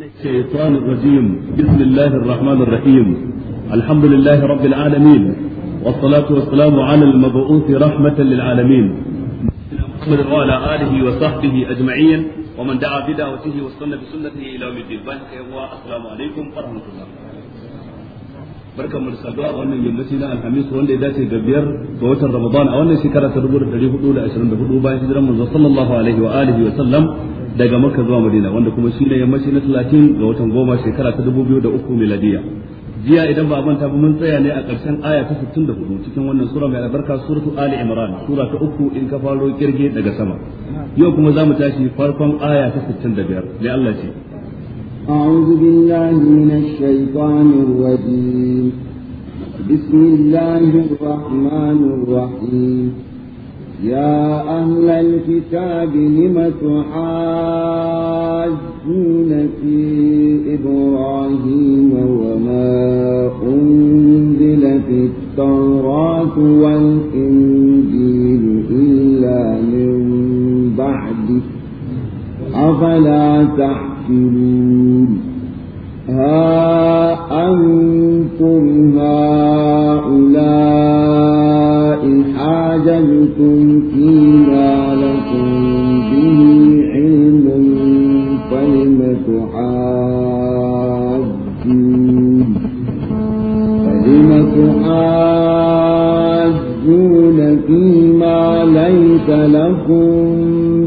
الشيطان الرجيم بسم الله الرحمن الرحيم الحمد لله رب العالمين والصلاة والسلام على المبعوث رحمة للعالمين محمد وعلى آله وصحبه أجمعين ومن دعا بدعوته وسن بسنته إلى يوم الدين بارك السلام عليكم ورحمة الله barkan mu da saduwa a wannan yammaci na alhamis wanda ya dace da biyar ga watan ramadan a wannan shekara ta rubuta 424 bayan daga makka zuwa madina wanda kuma shi ne yammaci na talatin ga watan goma shekara ta dubu biyu da uku miladiya jiya idan ba manta ba mun tsaya ne a ƙarshen aya ta hudu cikin wannan sura mai albarka suratu ali imran sura ta uku in ka faro kirge daga sama yau kuma za mu tashi farkon aya ta 65 da Allah ce أعوذ بالله من الشيطان الرجيم بسم الله الرحمن الرحيم يا أهل الكتاب لم تحاجون في إبراهيم وما أنزلت التوراة والإنجيل إلا من بعده أفلا تحكمون ها أنتم هؤلاء عجبتم فيما لكم به علم فلم تحاجون فلم تحاجون فيما ليس لكم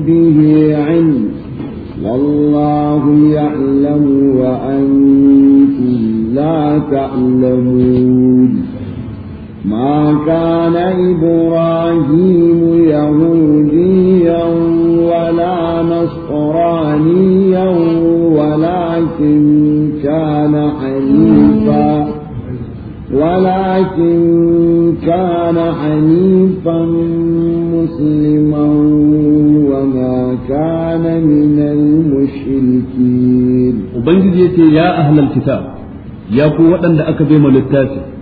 به علم والله يعلم وأنتم لا تعلمون كان إبراهيم يهوديا ولا نصرانيا ولكن كان حنيفا ولكن كان حنيفا مسلما وما كان من المشركين وبنجد يا أهل الكتاب يا قوة أنك بما للتاسع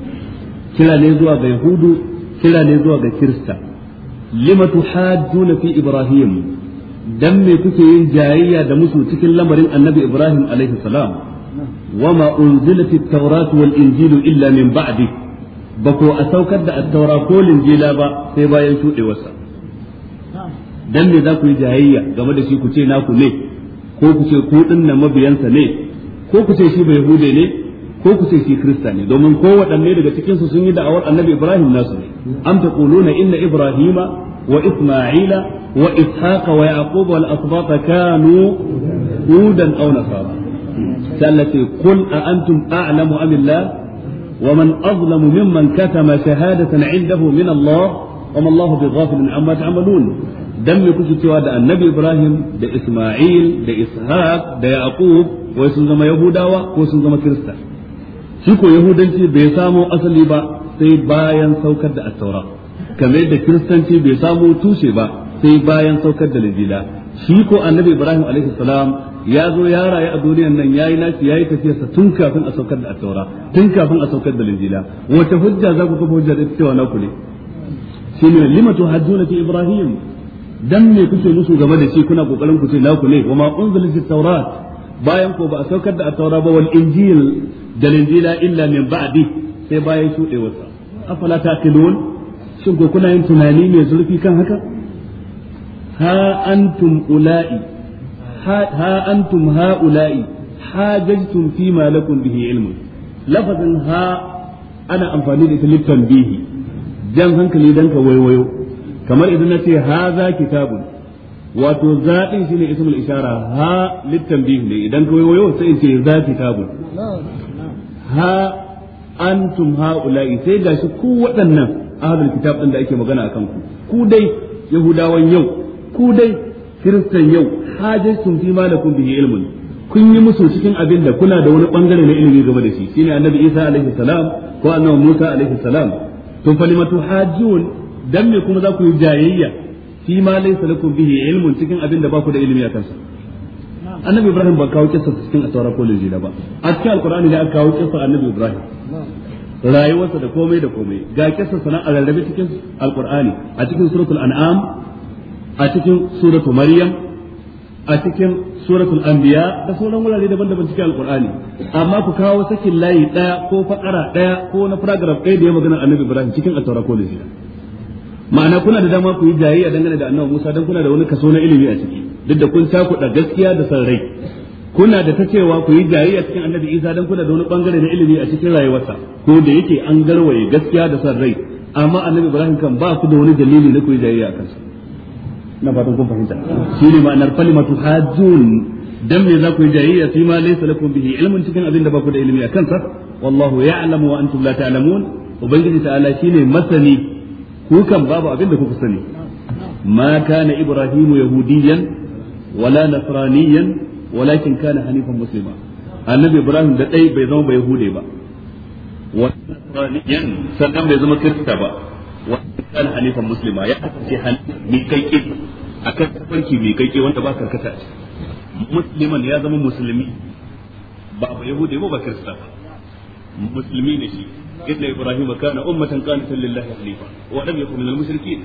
kira ne zuwa ga yahudu kira ne zuwa ga kirista lima tuhajjuna fi ibrahim dan me kuke yin jayayya da musu cikin lamarin annabi ibrahim alaihi salam wama unzilat at-taurat wal injilu illa min ba'di bako a saukar da at-taura ko injila ba sai bayan shuɗewarsa dan me za ku yi jayayya game da shi ku ce naku ne ko ku ce ku din mabiyansa ne ko ku ce shi bai hude ne ko ku ce shi krista ne domin ko waɗanne daga cikin su sun yi da'awar annabi ibrahim nasu ne am taquluna inna ibrahima wa isma'ila wa ishaqa wa yaqub wal asbata kanu hudan aw nasara sallati qul a antum a'lamu am illah ومن أظلم ممن كتم شهادة عنده من الله وما الله بغافل dan تعملون دم cewa da annabi Ibrahim da Isma'il da Ishaq da Yaqub wai sun zama Yahudawa ko sun zama Kirista shi ko yahudanci bai samo asali ba sai bayan saukar da attaura kamar yadda kiristanci bai samo tushe ba sai bayan saukar da lijila shi ko annabi ibrahim alaihi salam ya zo ya rayu a duniyan nan yayi naci yayi tafiyarsa tun kafin a saukar da attaura tun kafin a saukar da lijila wace hujja za ku kafa hujja da cewa na ku ne shi ne limatu hajjuna fi ibrahim dan me kuke musu game da shi kuna kokarin ku ce na ku ne wa ma taurat bayan ko ba a saukar da attaura ba wal injil Galin linjila illa min ba'di sai bayan shudewarsa afala taqilun shin ko kuna yin tunani mai zurfi kan haka ha antum ula'i ha antum Ha hajajtum fi ma lakum bihi ilmun lafazin ha ana amfani da ita bihi jan hankali dan ka waiwayo kamar idan nace ha haza kitabun wato zaɗin shine ismul ishara ha littanbih ne idan ka waiwayo sai in ce za kitabun ha antum haula'i sai gashi ku waɗannan ahlul kitab din da ake magana akan ku ku dai yahudawan yau ku dai kiristan yau sun fi malakum bihi ilmun kun yi musu cikin abin da kuna da wani bangare na ilimi game da shi shine annabi isa alaihi salam ko annabi musa alaihi salam to falimatu hajjun dan me kuma za ku yi jayayya fi ma laysa lakum bihi ilmun cikin abin da ba ku da ilimi akan sa annabi ibrahim ba kawo kissa cikin atawara ko da ba a cikin alkurani ne aka kawo kissa annabi ibrahim rayuwarsa da komai da komai ga kissa sana a rarrabe cikin alkurani a cikin suratul an'am a cikin suratul maryam a cikin suratul anbiya da sauran wurare daban-daban cikin alkurani amma ku kawo sakin layi daya ko fakara daya ko na paragraph ɗaya da ya magana annabi ibrahim cikin atawara ko linjila ma'ana kuna da dama ku yi jayayya dangane da annabi musa dan kuna da wani kaso na ilimi a ciki duk da kun takuɗa gaskiya da san rai kuna da ta cewa ku yi jayayya cikin annabi isa dan kuna da wani bangare na ilimi a cikin rayuwarsa ko da yake an garwaye gaskiya da san rai amma annabi ibrahim kan ba ku da wani dalili na ku yi jayayya a kansa na don kun fahimta shi ne ma'anar kalimatu hajjun dan me za ku yi jayayya fi ma laysa lakum bihi ilmun cikin abin da ba ku da ilimi a kansa wallahu ya'lamu wa antum la ta'lamun ubangiji ta'ala shine masani ku kan babu abin da kuka sani ma kana ibrahimu yahudiyan wala nasraniyan walakin kana hanifan muslima annabi ibrahim da dai bai zama bai hude ba wa nasraniyan sannan bai zama kirista ba wa kana hanifan akan farki mai kaikki wanda ba karkata musliman ya zama musulmi ba ba yahude ba ba kirista ba musulmi ne shi inna ibrahim kana ummatan qanitan lillahi hanifa wa lam yakun minal mushrikeen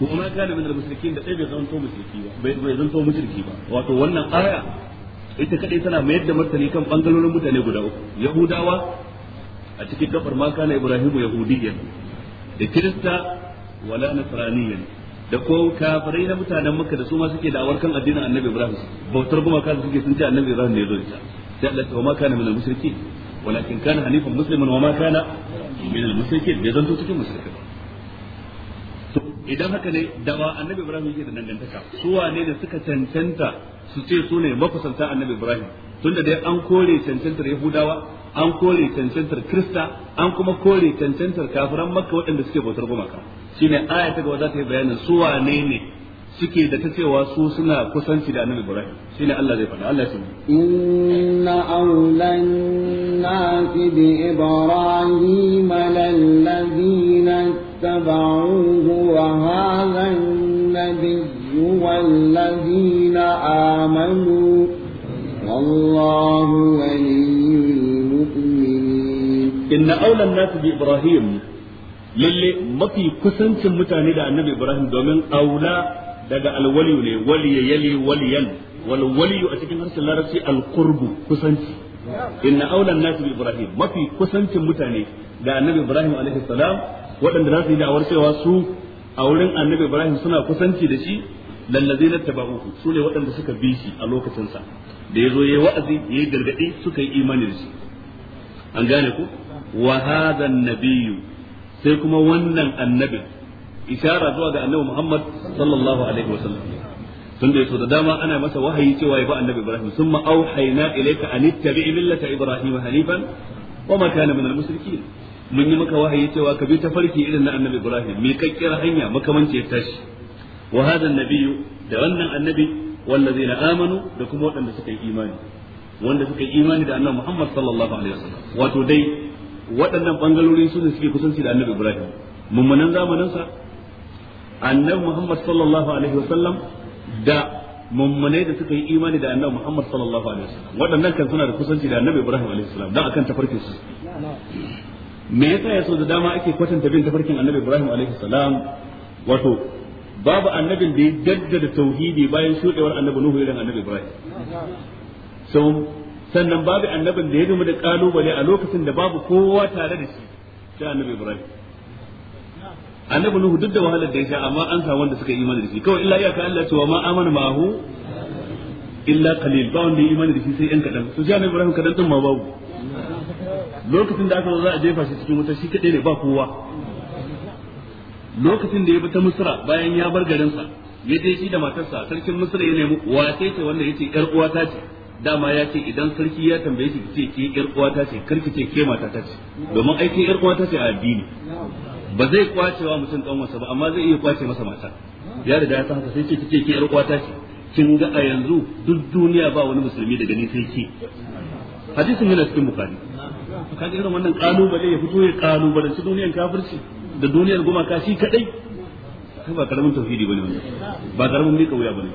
wa ma kana min al-mushrikin da dai bai zanto mushriki ba bai bai zanto wannan aya ita kadai tana mayar da martani kan bangalolin mutane guda uku yahudawa a cikin kafar ma kana ibrahimu yahudiyyan da kirista wala nasraniyyan da ko kafirai na mutanen makka da su ma suke da'awar kan addinin annabi ibrahim bautar gumaka da suke sun ce annabi ibrahim ne ya zo ita sai Allah ta wa ma kana min al-mushrikin walakin kana hanifan musliman wa ma kana min al-mushrikin bai zanto cikin mushrikin idan haka ne da ba annabi ibrahim yake da dangantaka su wane da suka cancanta su ce su ne makusanta annabi ibrahim tunda dai an kore cancantar yahudawa an kore cancantar krista an kuma kore cancantar kafiran makka waɗanda suke bautar gumaka shine aya ta gaba za ta yi bayanin su wane ne suke da ta cewa su suna kusanci da annabi Ibrahim shine Allah zai faɗa Allah ya inna awlan nasi bi ibrahim lalladhina اتبعوه وهذا النبي والذين آمنوا والله ولي المؤمنين إن أولى الناس بإبراهيم lalle mafi kusancin mutane da annabi ibrahim domin auna daga alwaliyu ne waliya yali waliyan a cikin harshen larabci alqurbu kusanci inna aula nasu bi ibrahim mafi kusancin mutane ga annabi ibrahim alaihi salam waɗanda za su yi da'awar cewa su a wurin annabi ibrahim suna kusanci da shi lallazi na taba'uhu su ne waɗanda suka bi shi a lokacinsa da ya zo ya wa'azi ya yi gargaɗi suka yi imani da shi an gane ku wa hadha nabiyyu sai kuma wannan annabin ishara zuwa ga annabi muhammad sallallahu alaihi wasallam tun da yaso da dama ana masa wahayi cewa ya ba annabi ibrahim summa auhayna ilayka an ittabi millata ibrahim hanifan wa ma kana min al-musrikin mun yi maka wahayi cewa ka bi ta farki irin na annabi ibrahim mai kakkiyar hanya makamanci ya tashi wa hadha nabiyyu da wannan annabi wallazina amanu da kuma waɗanda suka yi imani wanda suka yi imani da annabi muhammad sallallahu alaihi wasallam wato dai waɗannan bangalori su ne suke kusanci da annabi ibrahim mummunan zamaninsa annabi muhammad sallallahu alaihi wasallam da mummunai da suka yi imani da annabi Muhammad sallallahu alaihi wasallam waɗannan kan suna da kusanci da annabi Ibrahim alaihi salam dan akan tafarkin su me yasa yaso da dama ake kwatanta bin tafarkin annabi Ibrahim alaihi salam wato babu annabin da ya jaddada tauhidi bayan shudewar annabi Nuhu irin annabi Ibrahim so sannan babu annabin da ya gama da kalubale a lokacin da babu kowa tare da shi sai annabi Ibrahim annabi nuhu duk da wahalar da ya sha amma an samu wanda suka yi imani da shi kawai illa iyaka Allah cewa ma amana hu illa qalil ba wanda ya imani da shi sai yan kadan su jami'a ibrahim kadan din ma babu lokacin da aka zo za a jefa shi cikin wuta shi kadai ne ba kowa lokacin da ya bi ta misra bayan ya bar garinsa ya je shi da matarsa sarkin misra ya nemi wace ce wanda yace yar uwata ce dama ya ce idan sarki ya tambaye shi ce ke yar uwata ce karki ce ke matata ce domin aiki yar uwata ce a addini ba zai kwace wa mutum wasa ba amma zai iya kwace masa mata ya da ya san haka sai ce kike ki yar kwata ce kin ga a yanzu duk duniya ba wani musulmi daga gani sai ki hadisin yana cikin Ka kaga irin wannan kalubale ya fito ya kalubale su duniyan kafirci da duniyar gumaka shi kadai ba karamin tauhidi bane wannan ba karamin mika wuya bane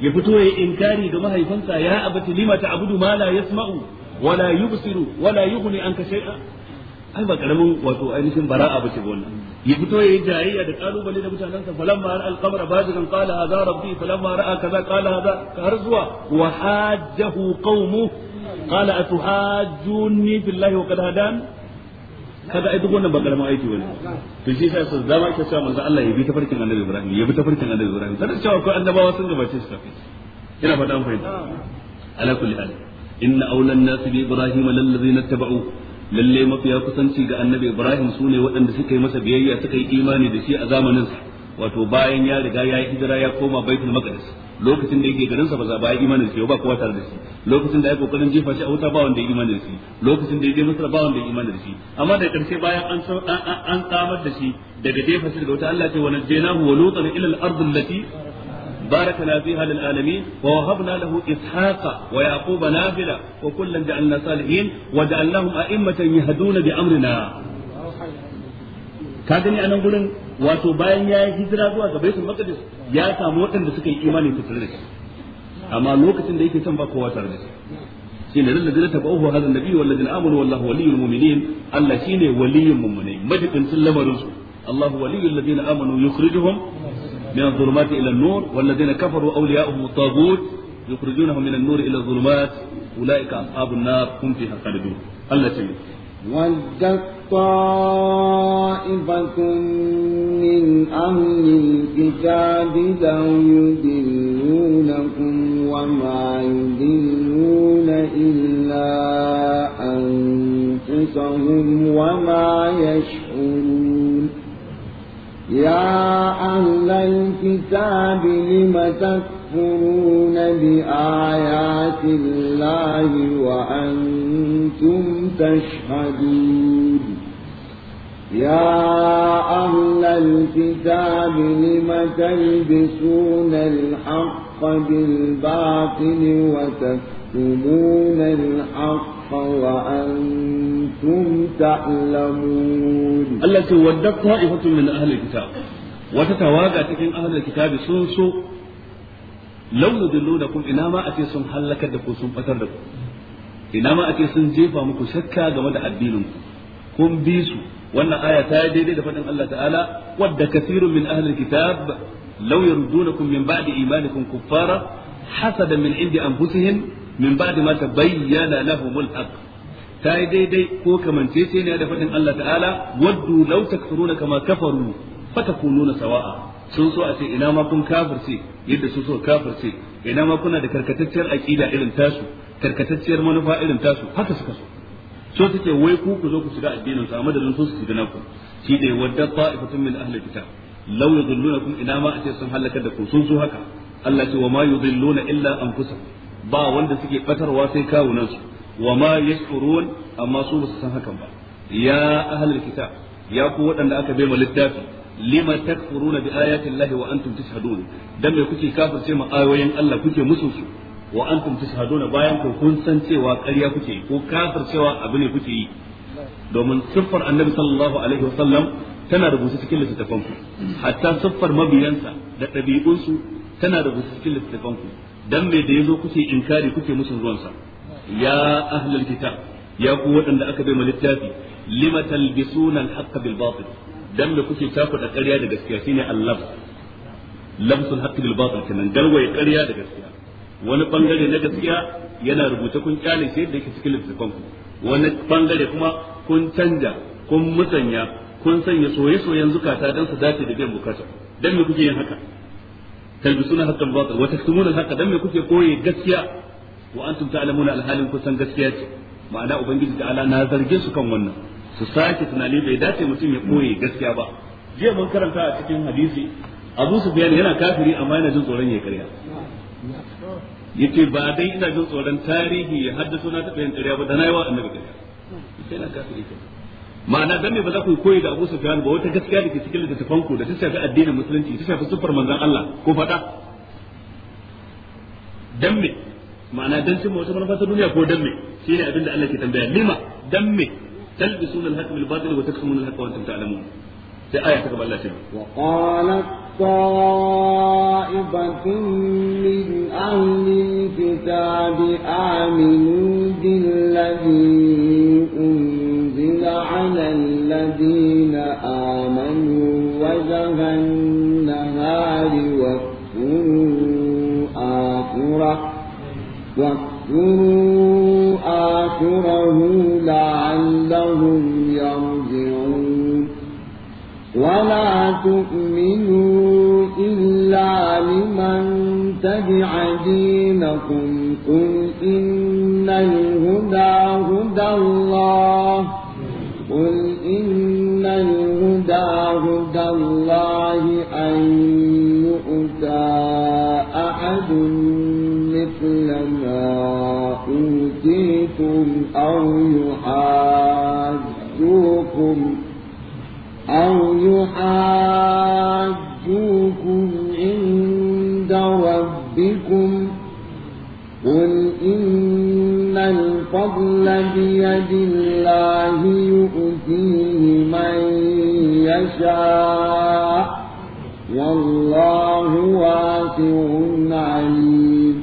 ya fito ya inkari ga mahaifansa ya abati lima ta abudu ma la yasma'u wala yubsiru wala yughni anka shay'a ai ba karamin wato ainihin bara bace ba wannan ya fito yayi jayayya da kalubale da mutanen sa falamma ra'a al-qamar bazigan qala hadha rabbi falamma ra'a kaza qala hadha har zuwa wa hajjahu qaumu qala atuhajjuni billahi wa qad hadan kaga ai duk wannan ba karamin aiki bane to shi yasa sun zama ke cewa manzo Allah ya bi tafarkin Annabi Ibrahim ya bi tafarkin Annabi Ibrahim sanin cewa akwai annabawa sun gabace su tafi ina fata an fahimta ala kulli hal inna awlan nas bi ibrahim lallazina tabau lalle mafiya kusanci ga annabi ibrahim su ne waɗanda suka yi masa biyayya suka yi imani da shi a zamanin sa wato bayan ya riga ya yi hijira ya koma baitul maqdis lokacin da yake garin sa ba za ba yi imani da shi ba kowa tare da shi lokacin da ya kokarin jefa shi a wuta ba wanda ya imani da shi lokacin da ya je masar ba wanda ya imani da shi amma da karshe bayan an an tsamar da shi daga jefa shi daga wuta Allah ce wa jenahu wa lutan ila al-ardh allati باركنا فيها للعالمين ووهبنا له إسحاق ويعقوب نافلة وكلا جعلنا صالحين وجعلناهم أئمة يهدون بأمرنا كادني أنا أقول wato bayan ya yi hijira zuwa ga baitul maqdis ya samu waɗanda suka yi imani fitar da shi amma lokacin da yake son ba kowa tare da shi shine lillazina tabauhu hadha an-nabi wallazina amanu wallahu waliyul mu'minin Allah Allahu من الظلمات إلى النور والذين كفروا أولياؤهم الطاغوت يخرجونهم من النور إلى الظلمات أولئك أصحاب النار هم فيها خالدون التي ودت طائفة من أهل الكتاب لو يدلونكم وما يدلون إلا أنفسهم وما يشعرون يا أهل الكتاب لم تكفرون بآيات الله وأنتم تشهدون يا أهل الكتاب لم تلبسون الحق بالباطل وتكتمون الحق وأنتم تعلمون التي ودت طائفة من أهل الكتاب wata tawaga cikin ahlul kitabi sun so launu dillunakum ina ma ace sun halakar da ku sun fatar da ku ina ma ace sun jefa muku shakka game da addinin ku kun bi su wannan aya ta daidai da faɗin Allah ta'ala wadda kasirun min ahlul kitab law yardunakum min ba'di imanikum kuffara hasadan min indi anfusihim min ba'di ma tabayyana lahumul haqq ta yi daidai ko ce-ce ne da faɗin Allah ta'ala waddu law takfuruna kama kafaru fatakununa sawa'a sun so a ce ina ma kun kafirce yadda sun so kafirce ina ma kuna da karkatacciyar aqida irin tasu karkatacciyar manufa irin tasu haka suka so so take wai ku ku zo ku shiga addinin su a madadin su su shiga naku shi dai wadda ta'ifatun min ahli kitab law yudillunakum ina ma a ce sun halakar da ku sun so haka Allah ce wa ma yudilluna illa anfusahum ba wanda suke batarwa sai kawunan su wa ma yashurun amma su ba su san hakan ba ya ahlul kitab ya ku waɗanda aka bai ma littafi lima takfuruna bi ayati llahi wa antum tashhadun dan me kuke kafirce mu ayoyin Allah kuke musu su wa antum tashhaduna bayan ku kun san cewa ƙarya kuke ko kafircewa abu ne kuke yi domin siffar annabi sallallahu alaihi wasallam tana rubuce cikin littattafan ku hatta siffar mabiyansa da ɗabi'unsu tana rubuce cikin littattafan ku dan me da yazo kuke inkari kuke musu ruwansa ya ahlul kitab ya ku waɗanda aka bai ma littafi lima talbisuna al-haqqa bil batil dan me kuke takuda ƙarya da gaskiya shine Allah lamsul haqqi bil batil kenan garwaye ƙarya da gaskiya wani bangare na gaskiya yana rubuta kun kyale shi da yake cikin littafin ku wani bangare kuma kun canja kun musanya kun sanya soye-soyen zukata dan su dace da biyan bukata dan me kuke yin haka talbisuna haqqan batil wa taktumuna haqqa dan me kuke koye gaskiya wa antum ta'lamuna alhalin kusan gaskiya ce ma'ana ubangiji ta'ala na zarge su kan wannan su sake tunani bai dace mutum ya koye gaskiya ba jiya mun karanta a cikin hadisi abu sufyan yana kafiri amma yana jin tsoron ya karya yace ba dai ina jin tsoron tarihi ya haddasa na taɓa yin karya ba da na yi wa annabi karya yana kafiri ma'ana dan me ba za ku koyi da Abu Sufyan ba wata gaskiya da ke cikin littattafan ku da ta shafi addinin musulunci ta shafi siffar manzon Allah ko faɗa. dan me ma'ana dan cin wata manufa ta duniya ko dan me shine abin da Allah ke tambaya lima dan me تلبسون الحق بالباطل وتكتمون الحق وانتم تعلمون في آية تقبل الله وقالت طائفة من أهل الكتاب آمنوا بالذي أنزل على الذين آمنوا وجه النهار واكفروا آخره واكفروا وحشره لعلهم يرجعون ولا تؤمنوا إلا لمن تبع دينكم قل إن الهدى هدى الله قل إن الهدى هدى الله أن يؤتى شئتم أو يحاجوكم أو يحاجوكم عند ربكم قل إن الفضل بيد الله يؤتيه من يشاء والله واسع عليم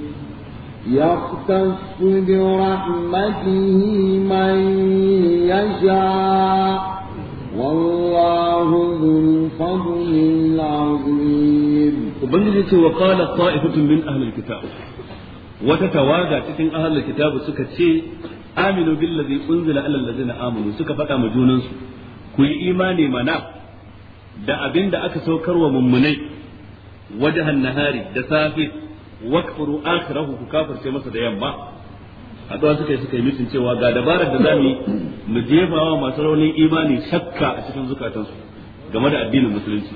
يختص برحمته من يشاء والله ذو الفضل العظيم وبنجي وقال طائفة من أهل الكتاب وتتواجع تكن أهل الكتاب سكتشي آمنوا بالذي أنزل على الذين آمنوا سكفتا مجوننس كي إيماني منا da abin da aka saukar wa mummunai wajahan nahari da safe wakfuru akhirahu ku kafirce masa da yamma haɗuwa suka yi suka yi mitin cewa ga dabarar da za mu jefa wa masu raunin imani shakka a cikin zukatansu game da addinin musulunci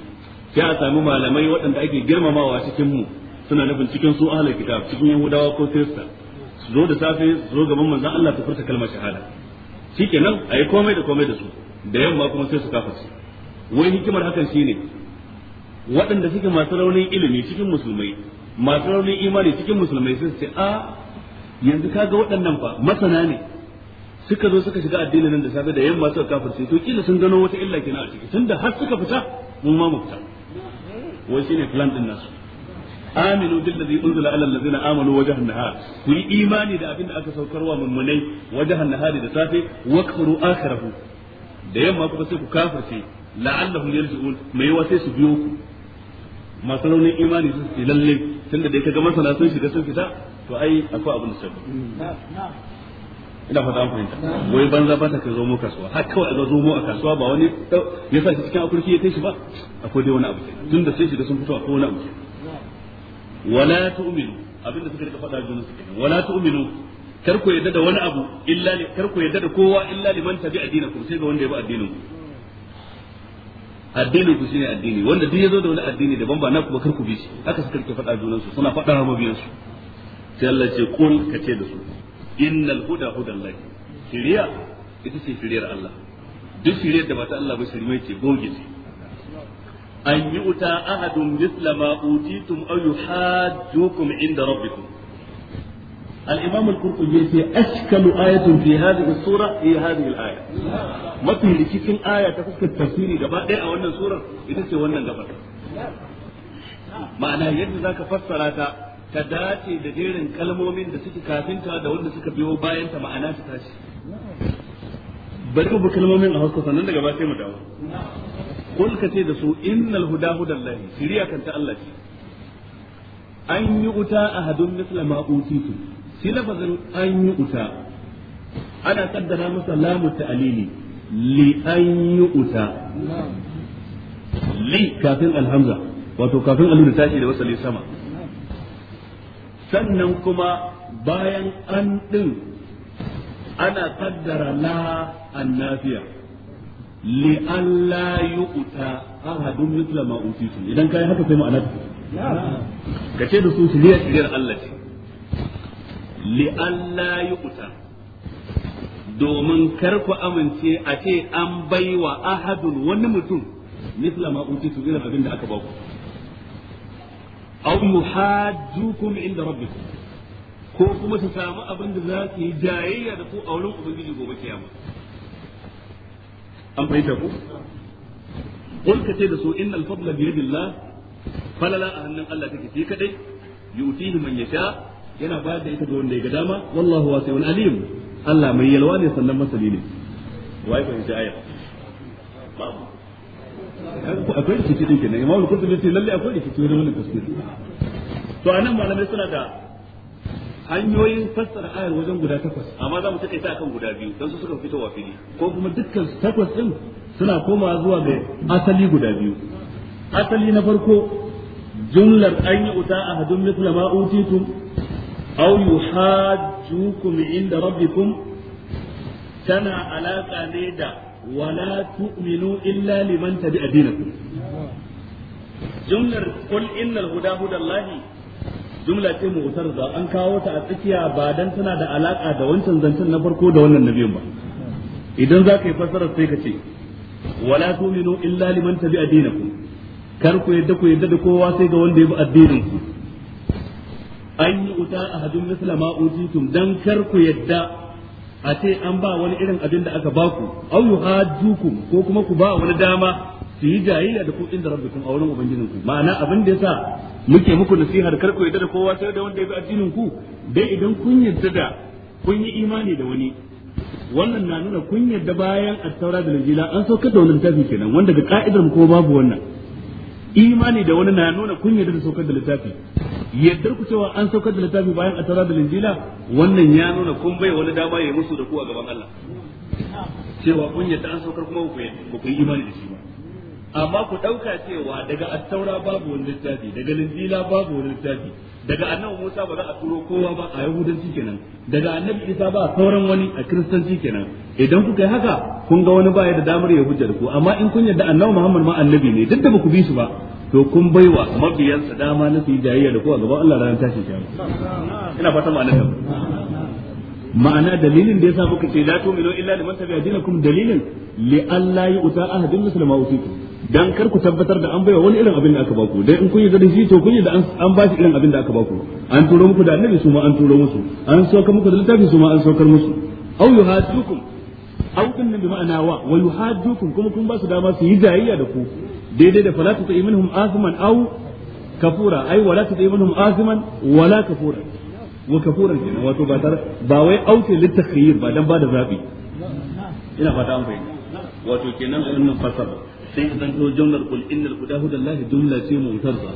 sai a sami malamai waɗanda ake girmamawa cikin mu suna nufin cikin su ahlul kitab cikin yahudawa ko kirista su zo da safe su zo gaban manzon Allah su furta kalmar shahada shikenan ayi komai da komai da su da yamma kuma sai su kafa su wai hikimar hakan shine waɗanda suke masu raunin ilimi cikin musulmai masu raunin imani cikin musulmai sai su ce a ah, yanzu kaga waɗannan fa masana ne suka zo suka shiga addinin nan da safe da yamma suka kafirce to kila sun gano wata illa kenan a ciki tunda har suka fita mun ma mu wai shine plan din nasu aminu bil ladzi unzila ala allazina amanu wajha an-nahar ku yi imani da abin da aka saukarwa mummunai wajha an-nahari da safe wa kafuru akhirahu da yamma kuma sai ku kafirce la'allahum yarji'un mai yawa sai su biyo ku masu raunin imani su ce lalle tunda dai kaga masana sun shiga sun fita to ai akwai abin da sabu ina fata an fahimta wai banza ba ta kai zomo kasuwa har kawai ga zomo a kasuwa ba wani ya sa shi cikin akurki ya kai shi ba akwai dai wani abu tunda sun shiga sun fito akwai wani abu wala tu'minu da suka rika faɗa juna suke wala tu'minu kar ku yadda da wani abu illa kar ku yadda da kowa illa liman tabi'a dinakum sai ga wanda ya bi addinin ku addinin ku shine addini wanda duk yazo da wani addini daban ba na kuma karku bi shi haka suka rike faɗa junan su suna faɗa wa biyan su sai Allah ce kul ka ce da su innal huda hudallahi shiriya ita ce shiriyar Allah duk shiriyar da ba ta Allah ba shirmai ce goge ce an yi uta ahadun misla utitum aw yuhajjukum inda rabbikum الإمام القرطبي في أشكل آية في هذه السورة هي هذه الآية ما في لكيكين آية تفسك التفسير قبل إيه أولا سورة يتسي ولا قبل معنى يد ذاك فسر ta dace da jerin kalmomin da suke kafinta da wanda suka biyo bayan ma'ana ta tashi bari ku kalmomin a hausa sannan daga baya sai mu dawo kul da su innal huda hudallahi shiriya kan ta Allah an yi uta ahadun misla shi lafazin an yi uta ana kaddara masa lamu ta'alili li an yi uta li kafin alhamza wato kafin alhamza tashi da wasali sama sannan kuma bayan an ɗin, ana kaddara la annafiya li an la yu'ta ahadun mithla ma utitum idan kai haka sai ma'ana ka ce da su shiriyar shiriyar Allah ce li'alla yuqta domin kar ku amince a ce an baiwa ahadun wani mutum misla ma su irin abin da aka ba ku aw yuhajjukum inda rabbikum ko kuma su samu abin da za su yi jayayya da ku a wurin ubangiji gobe kiyama an fahimta ku قل كتير سوء إن الفضل بيد الله فلا لا أهنم الله تكفي كدي يؤتيه من يشاء yana bayar da ita ga wanda ya ga dama wallahu wa sayyidul alim Allah mai yalwa ne sannan masani ne wai ko ji aya akwai rikici cikin kenan imamu al-qurtubi ce lalle akwai rikici cikin wannan tafsiri to anan malamai suna da hanyoyin fassara ayar wajen guda takwas amma za mu take ta akan guda biyu don su suka fito wa fili ko kuma dukkan takwas din suna komawa zuwa ga asali guda biyu asali na farko jumlar an yi uta ahadun mithla ma utitum aw yuhajjukum inda rabbikum tana alaƙa ne da wala tu'minu illa liman tabi'a dinakum jumlar kul innal huda hudallahi jumla ce mu'tarza an kawo ta a tsakiya ba dan tana da alaka da wancan zancen na farko da wannan nabiyin ba idan za ka yi fassara sai ka ce wala tu'minu illa liman tabi'a dinakum kar ku yadda ku yadda da kowa sai ga wanda ya bi addinin ku an yi wuta a misla ma ujitum dan karku ku yadda a ce an ba wani irin abin da aka baku aw yuhajjukum ko kuma ku ba wani dama su yi jayayya da ku inda rabbikum a wurin ubangijinku ma'ana abin da yasa muke muku nasihar kar ku yadda da kowa sai da wanda ya bi addinin ku dai idan kun yadda da kun yi imani da wani wannan na nuna kun yadda bayan at-taura da injila an saukar da wani tafi kenan wanda ga ka'idar ko babu wannan imani da wani na nuna kun yarda da saukar da littafi yaddar ku cewa an saukar da littafi bayan a tara da linjila wannan ya nuna kun bai wani dama ya musu da ku a gaban Allah cewa kun yarda an saukar kuma ku yi imani da shi ba amma ku ɗauka cewa daga attaura babu wani littafi daga linzila babu wani littafi daga annabi Musa ba za a turo kowa ba a yahudanci kenan daga annabi Isa ba a sauran wani a kiristanci kenan idan kuka yi haka kun ga wani baya da damar ya hujjar ku amma in kun yarda annabi Muhammad ma annabi ne duk da ba ku bi su ba to kun baiwa mabiyansa dama na su yi jayayya da ku a gaban Allah ranar tashi kiyama ina fata ma'anar ma'ana dalilin da yasa muka ce la tu'minu illa liman tabi'a dinakum dalilin li alla yu'ta ahadun muslima usikum dan kar ku tabbatar da an baiwa wani irin abin da aka baku dai in kun yi da shi to kun yi da an ba shi irin abin da aka baku an turo muku da annabi su ma an turo musu an saukar muku da littafi su ma an saukar musu aw yuhadukum aw kun bi ma'ana wa wa yuhadukum kuma kun ba su dama su yi jayayya da ku daidai da falatu ta iminhum aziman aw kafura ai wala ta iminhum aziman wala kafura wa kafuran kenan wato ba ba wai auke litakhyir ba dan ba da zabi ina fata an fahimta wato kenan annan fasara sai ya zanto jumlar kul innal huda hudallahi jumla ce mumtaza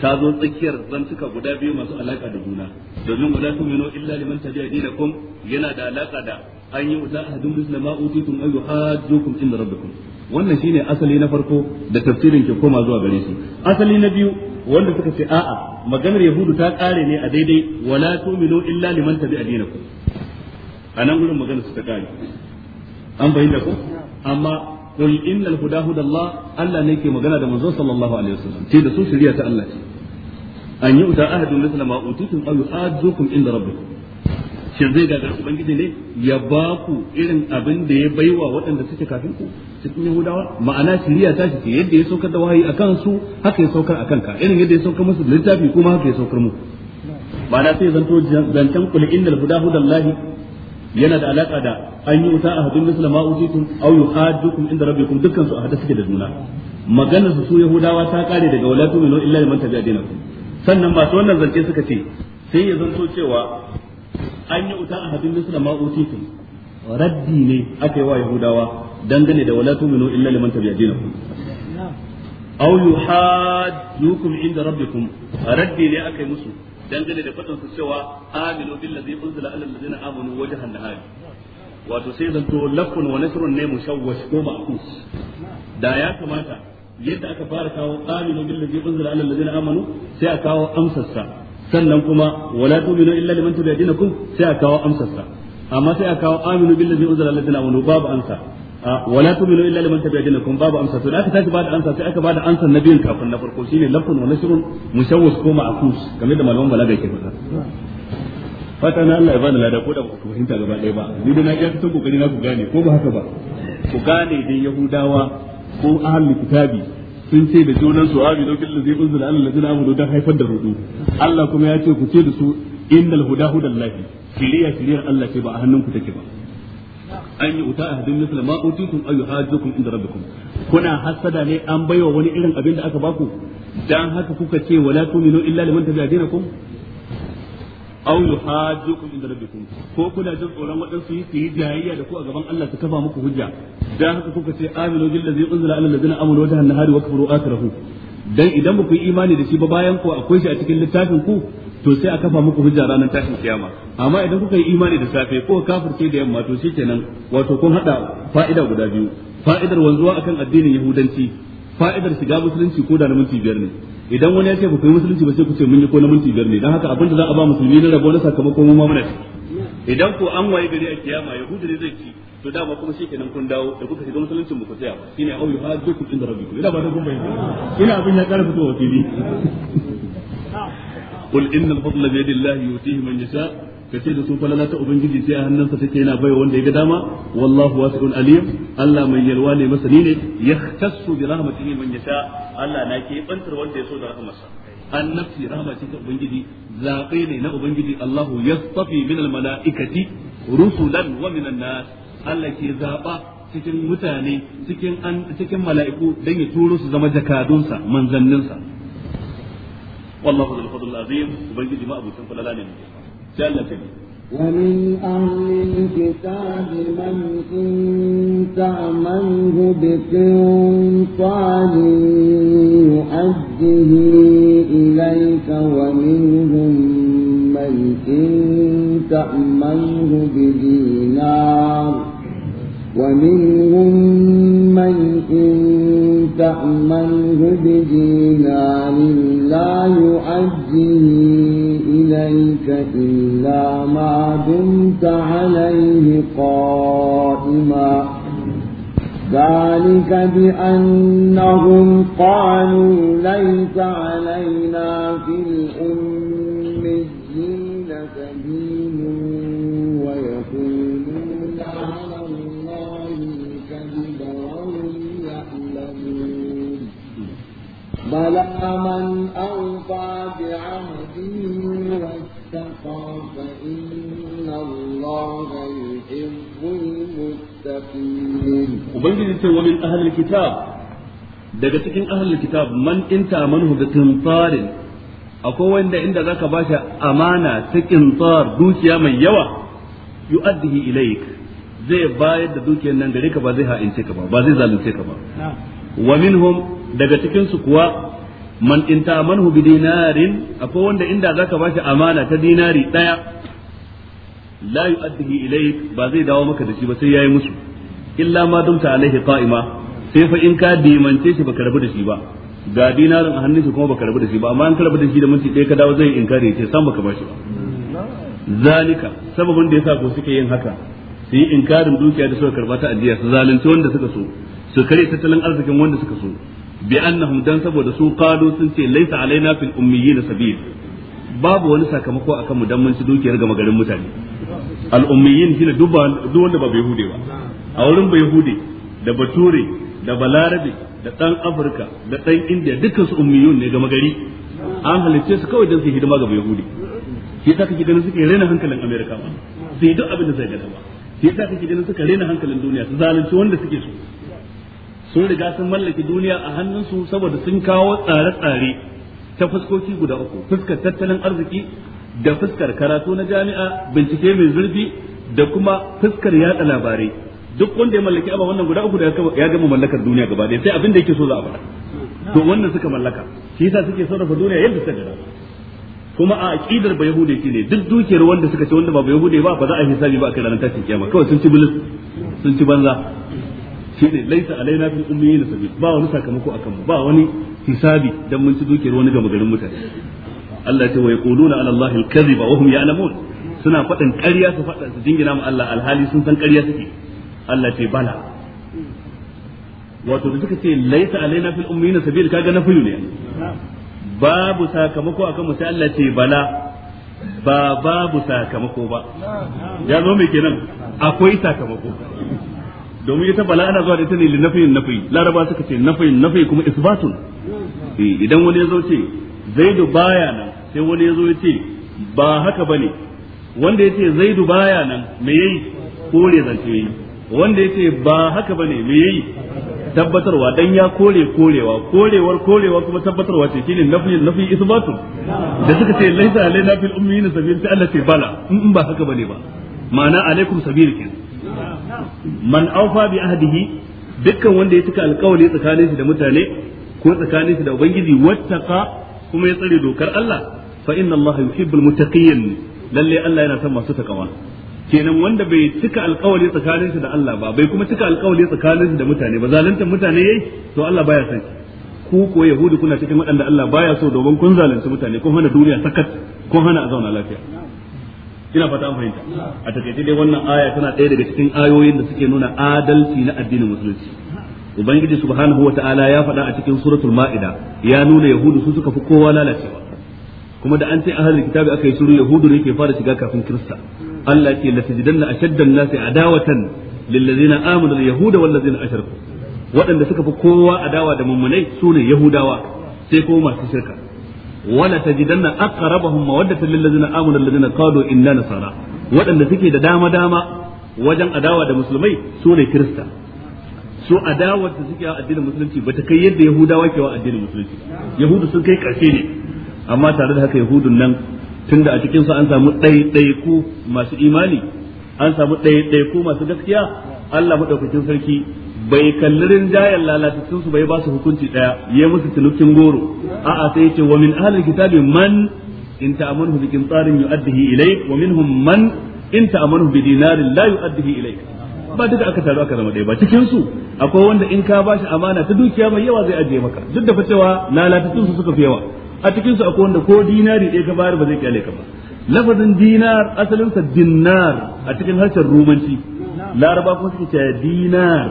ta zo tsakiyar zantuka guda biyu masu alaka da juna domin wala tuminu illa liman tabi'a dinakum yana da alaka da an yi wuta ahadun muslima utitum ayu hajjukum inda rabbikum wannan shine asali na farko da tafsirin ke koma zuwa gare shi asali na biyu wanda suka ce a'a maganar yahudu ta kare ne a daidai wala tuminu illa liman tabi'a dinakum anan gurin maganar su ta kare an bayyana ko amma qul innal huda hudallah Allah ne ke magana da manzon sallallahu alaihi wasallam ce da su shari'a ta Allah ce an yi uta ahadun mithla ma utitum aw yuhadukum inda rabbikum shin zai gagar ubangiji ne ya ba ku irin abin da ya baiwa waɗanda suke kafin ku cikin yahudawa ma'ana shari'a ta ce yadda ya saukar da wahayi akan su haka ya saukar a kanka irin yadda ya saukar musu littafi kuma haka ya saukar muku ma'ana sai zanto zancen kul innal huda hudallahi yana da alaka da an yi wuta a hadin misla ma utitum aw yuhaddukum inda rabbikum dukkan su ahada suke da juna maganar su su yahudawa ta kare daga wala tu'minu illa liman tabi'a dinakum sannan ba su wannan zance suka ce sai ya zanto cewa an yi uta ahadun misla ma utitum raddi ne aka yi wa yahudawa dangane da wala tu'minu illa liman tabi'a dinakum aw yuhaddukum inda rabbikum raddi ne aka yi musu dangane da fadin su cewa aminu billazi unzila alal ladina amanu wajhan nahar wato sai zanto lafun wa nasrun ne mushawwash ko ma'kus da ya kamata yadda aka fara kawo aminu billazi unzila alal ladina amanu sai a kawo amsarsa sannan kuma wala tu'minu illa liman tabi'a dinakum sai a kawo amsarsa amma sai a kawo aminu billazi unzila alal ladina amanu babu amsa wala tu'minu illa liman tabi'a dinakum babu amsa to da aka tashi bada amsa sai aka bada amsa na nabiyin kafin na farko shine lafzun wa nashrun mushawwis ko ma'kus kamar da malaman balaga yake faɗa fata na Allah ya bani lada ko da ku fahimta gaba ɗaya ba ni da na ga tun kokari na ku gane ko ba haka ba ku gane dai yahudawa ko ahlul kitabi sun ce da junan su abi dokil ladzi unzila alal ladina amanu dan haifar da rudu Allah kuma ya ce ku ce da su innal huda hudallahi shiriya shiriyar Allah ce ba a hannun ku take ba an yi wuta uta ahadin misal ma utitum ay yuhajjukum inda rabbikum kuna hasada ne an baiwa wani irin abin da aka baku dan haka kuka ce wala tu'minu illa liman tabi'a dinakum aw yuhajjukum inda rabbikum ko kuna jin tsoron waɗansu yi su yi jayayya da ku a gaban Allah su kafa muku hujja dan haka kuka ce aminu bil ladzi unzila ala allazina amanu wa nahari wa kafuru akrahu dan idan ba ku yi imani da shi ba bayan ku akwai shi a cikin littafin ku to sai a kafa muku hujja ranar tashin kiyama amma idan kuka yi imani da safe ko kafirce da yamma to shikenan wato kun hada fa'ida guda biyu fa'idar wanzuwa akan addinin yahudanci fa'idar shiga musulunci ko da na minti biyar ne idan wani ya ce ku kai musulunci ba sai ku ce mun yi ko na minti biyar ne dan haka abin da za a ba musulmi na rabo na sakamako mu ma muna idan ko an waye gari a kiyama yahudu ne zai ci to dama kuma shikenan kun dawo da kuka shiga mu ku tsaya shine au ku inda rabbikum ina ba da kun bayyana ina abin ya karfa to wakili qul innal fadla bi yadillahi yutihi man yasha kace da su falala ta ubangiji sai a hannunsa take yana baiwa wanda ya ga dama wallahu wasi'un alim Allah mai yalwa ne masani ne yahtassu bi rahmatihi man yasha Allah na ke bantar wanda ya so da rahmarsa annabci rahma ta ubangiji zaɓe ne na ubangiji Allahu yastafi min al mala'ikati rusulan wa min nas Allah ke zaɓa cikin mutane cikin cikin mala'iku dan ya turo su zama jakadunsa manzanninsa wallahu dhul fadl azim ubangiji ma abucin falala ne sai Allah ta ومن أهل الكتاب من إن تأمنه بقنطار يؤديه إليك ومنهم من إن تأمنه بدينار ومنهم من إن تأمنه بدينار لا يؤديه إليك إلا ما دمت عليه قائما ذلك بأنهم قالوا ليس علينا في الأمة بلى من أوفى بعهده واتقى فإن الله يحب المتقين وبنجد ومن أهل الكتاب daga cikin ahlul kitab man in ta'amanu bi qintarin akwai wanda inda zaka shi amana ta qintar dukiya mai yawa yu'addihi ilaik zai bayar da dukiyar nan gare ka ba zai ha'ince ka ba ba zai zalunce ka ba wa minhum daga cikin su kuwa man in manhu bi dinarin akwai wanda inda zaka bashi amana ta dinari daya la yu'addihi ilayhi ba zai dawo maka da shi ba sai yayi musu illa ma dumta alaihi qa'ima sai fa in ka dimance shi baka rabu da shi ba ga dinarin a hannun shi kuma baka rabu da shi ba amma an karbu da shi da minti ɗaya ka dawo zai inkari ce san baka bashi ba zalika sababin da yasa ko suke yin haka su yi inkarin dukiya da suka karba ta ajiya su zalunci wanda suka so su kare tattalin arzikin wanda suka so bi annahum dan saboda su qalu sun ce laisa alaina fil ummiyina sabil babu wani sakamako akan mu dan mun ci dukiyar ga magarin mutane al ummiyin shine duk wanda ba yahude ba a wurin ba yahude da bature da balarabe da dan afirka da dan indiya dukkan su ummiyun ne ga magari an halitta su kawai dan su hidima ga yahude shi yasa kake ganin suke rena hankalin amerika ba sai duk abin da zai gada ba shi yasa kake ganin suka rena hankalin duniya su zalunci wanda suke so sun riga sun mallaki duniya a hannunsu saboda sun kawo tsare-tsare ta fuskoki guda uku fuskar tattalin arziki da fuskar karatu na jami'a bincike mai zurfi da kuma fuskar yada labarai duk wanda ya mallaki aba wannan guda uku da ya gama mallakar duniya gaba ɗaya sai abin da yake so za a faɗa to wannan suka mallaka shi yasa suke sarrafa duniya yadda suka gada kuma a aqidar ba yahudi shine duk dukiyar wanda suka ce wanda ba yahudi ba ba za a yi hisabi ba a kai ranar tashin kiyama kawai sun ci bilis sun ci banza shine laisa alaina fil ummiyin sabil ba wani sakamako akan mu ba wani hisabi dan mun ci dukiyar wani gaba garin mutane Allah ta wai quluna ala allahi al-kadhiba wa hum ya'lamun suna fadin ƙarya su faɗa su dingina mu Allah alhali sun san ƙarya suke Allah ce bala wato da suka ce laisa alaina fil ummiyin sabil kaga na fuyu ne babu sakamako akan mu sai Allah ce bala ba babu sakamako ba ya zo me kenan akwai sakamako domin ita bala ana zuwa da ita ne li nafiyin nafi laraba suka ce nafiyin nafi kuma isbatun eh, idan wani ya zo ce zaidu baya nan sai wani ya zo ya ce ba haka bane wanda ya ce zaidu baya nan me yayi kore zance yayi wanda ya ce ba haka bane me yayi tabbatarwa dan ya kore korewa korewar korewa kuma tabbatarwa ce shine nafiyin nafi isbatun da suka ce laisa alaina fil ummiyin sabil sai Allah ce bala in ba haka bane ba ma'ana alaikum sabil kenan man aufa bi ahdihi dukkan wanda ya cika alkawari tsakanin shi da mutane ko tsakanin shi da ubangiji wattaqa kuma ya tsare dokar Allah fa inna Allah yuhibbul muttaqin lalle Allah yana son masu takawa kenan wanda bai cika alkawari tsakanin shi da Allah ba bai kuma cika alkawari tsakanin shi da mutane ba zalunta mutane yayi to Allah baya son ku ko yahudu kuna cikin waɗanda Allah baya so domin kun zalunci mutane kun hana duniya sakat kun hana a zauna lafiya ina fata an fahimta a takaice dai wannan aya tana ɗaya daga cikin ayoyin da suke nuna adalci na addinin musulunci ubangiji subhanahu wataala ya faɗa a cikin suratul ma'ida ya nuna yahudu su suka fi kowa lalacewa kuma da an ce ahlul kitabi aka yi shiru yahudu ne ke fara shiga kafin kirista Allah ke la tajidanna ashaddan nasi adawatan lil amanu yahuda wal ashraku waɗanda suka fi kowa adawa da mummunai sune yahudawa sai kuma masu shirka wala tajidanna aqrabahum mawaddatan lil ladzina amanu alladhina qalu inna nasara waɗanda suke da dama dama wajen adawa da musulmai su ne kirista su adawar da suke wa addinin musulunci ba ta kai yadda yahudawa ke wa addinin musulunci yahudu sun kai ƙarshe ne amma tare da haka yahudun nan tunda a cikinsu an samu ɗaiɗaiku masu imani an samu ɗaiɗaiku masu gaskiya Allah maɗaukakin sarki bai kalli rinjayen lalatattun su bai ba su hukunci daya ya musu tulukin goro a'a sai yace wa min ahlil kitabi man in ta'amanu bi qintarin yu'addihi ilayk wa minhum man in ta'amanu bi dinarin la yu'addihi ilayk ba duka aka taru aka zama ɗaya ba cikin su akwai wanda in ka bashi amana ta dukiya mai yawa zai ajiye maka duk da fa cewa lalatattun su suka fi yawa a cikin su akwai wanda ko dinari ɗaya ka bayar ba zai kyale ka ba lafazin dinar asalinsa dinar a cikin harshen rumanci laraba kuma suke cewa dinar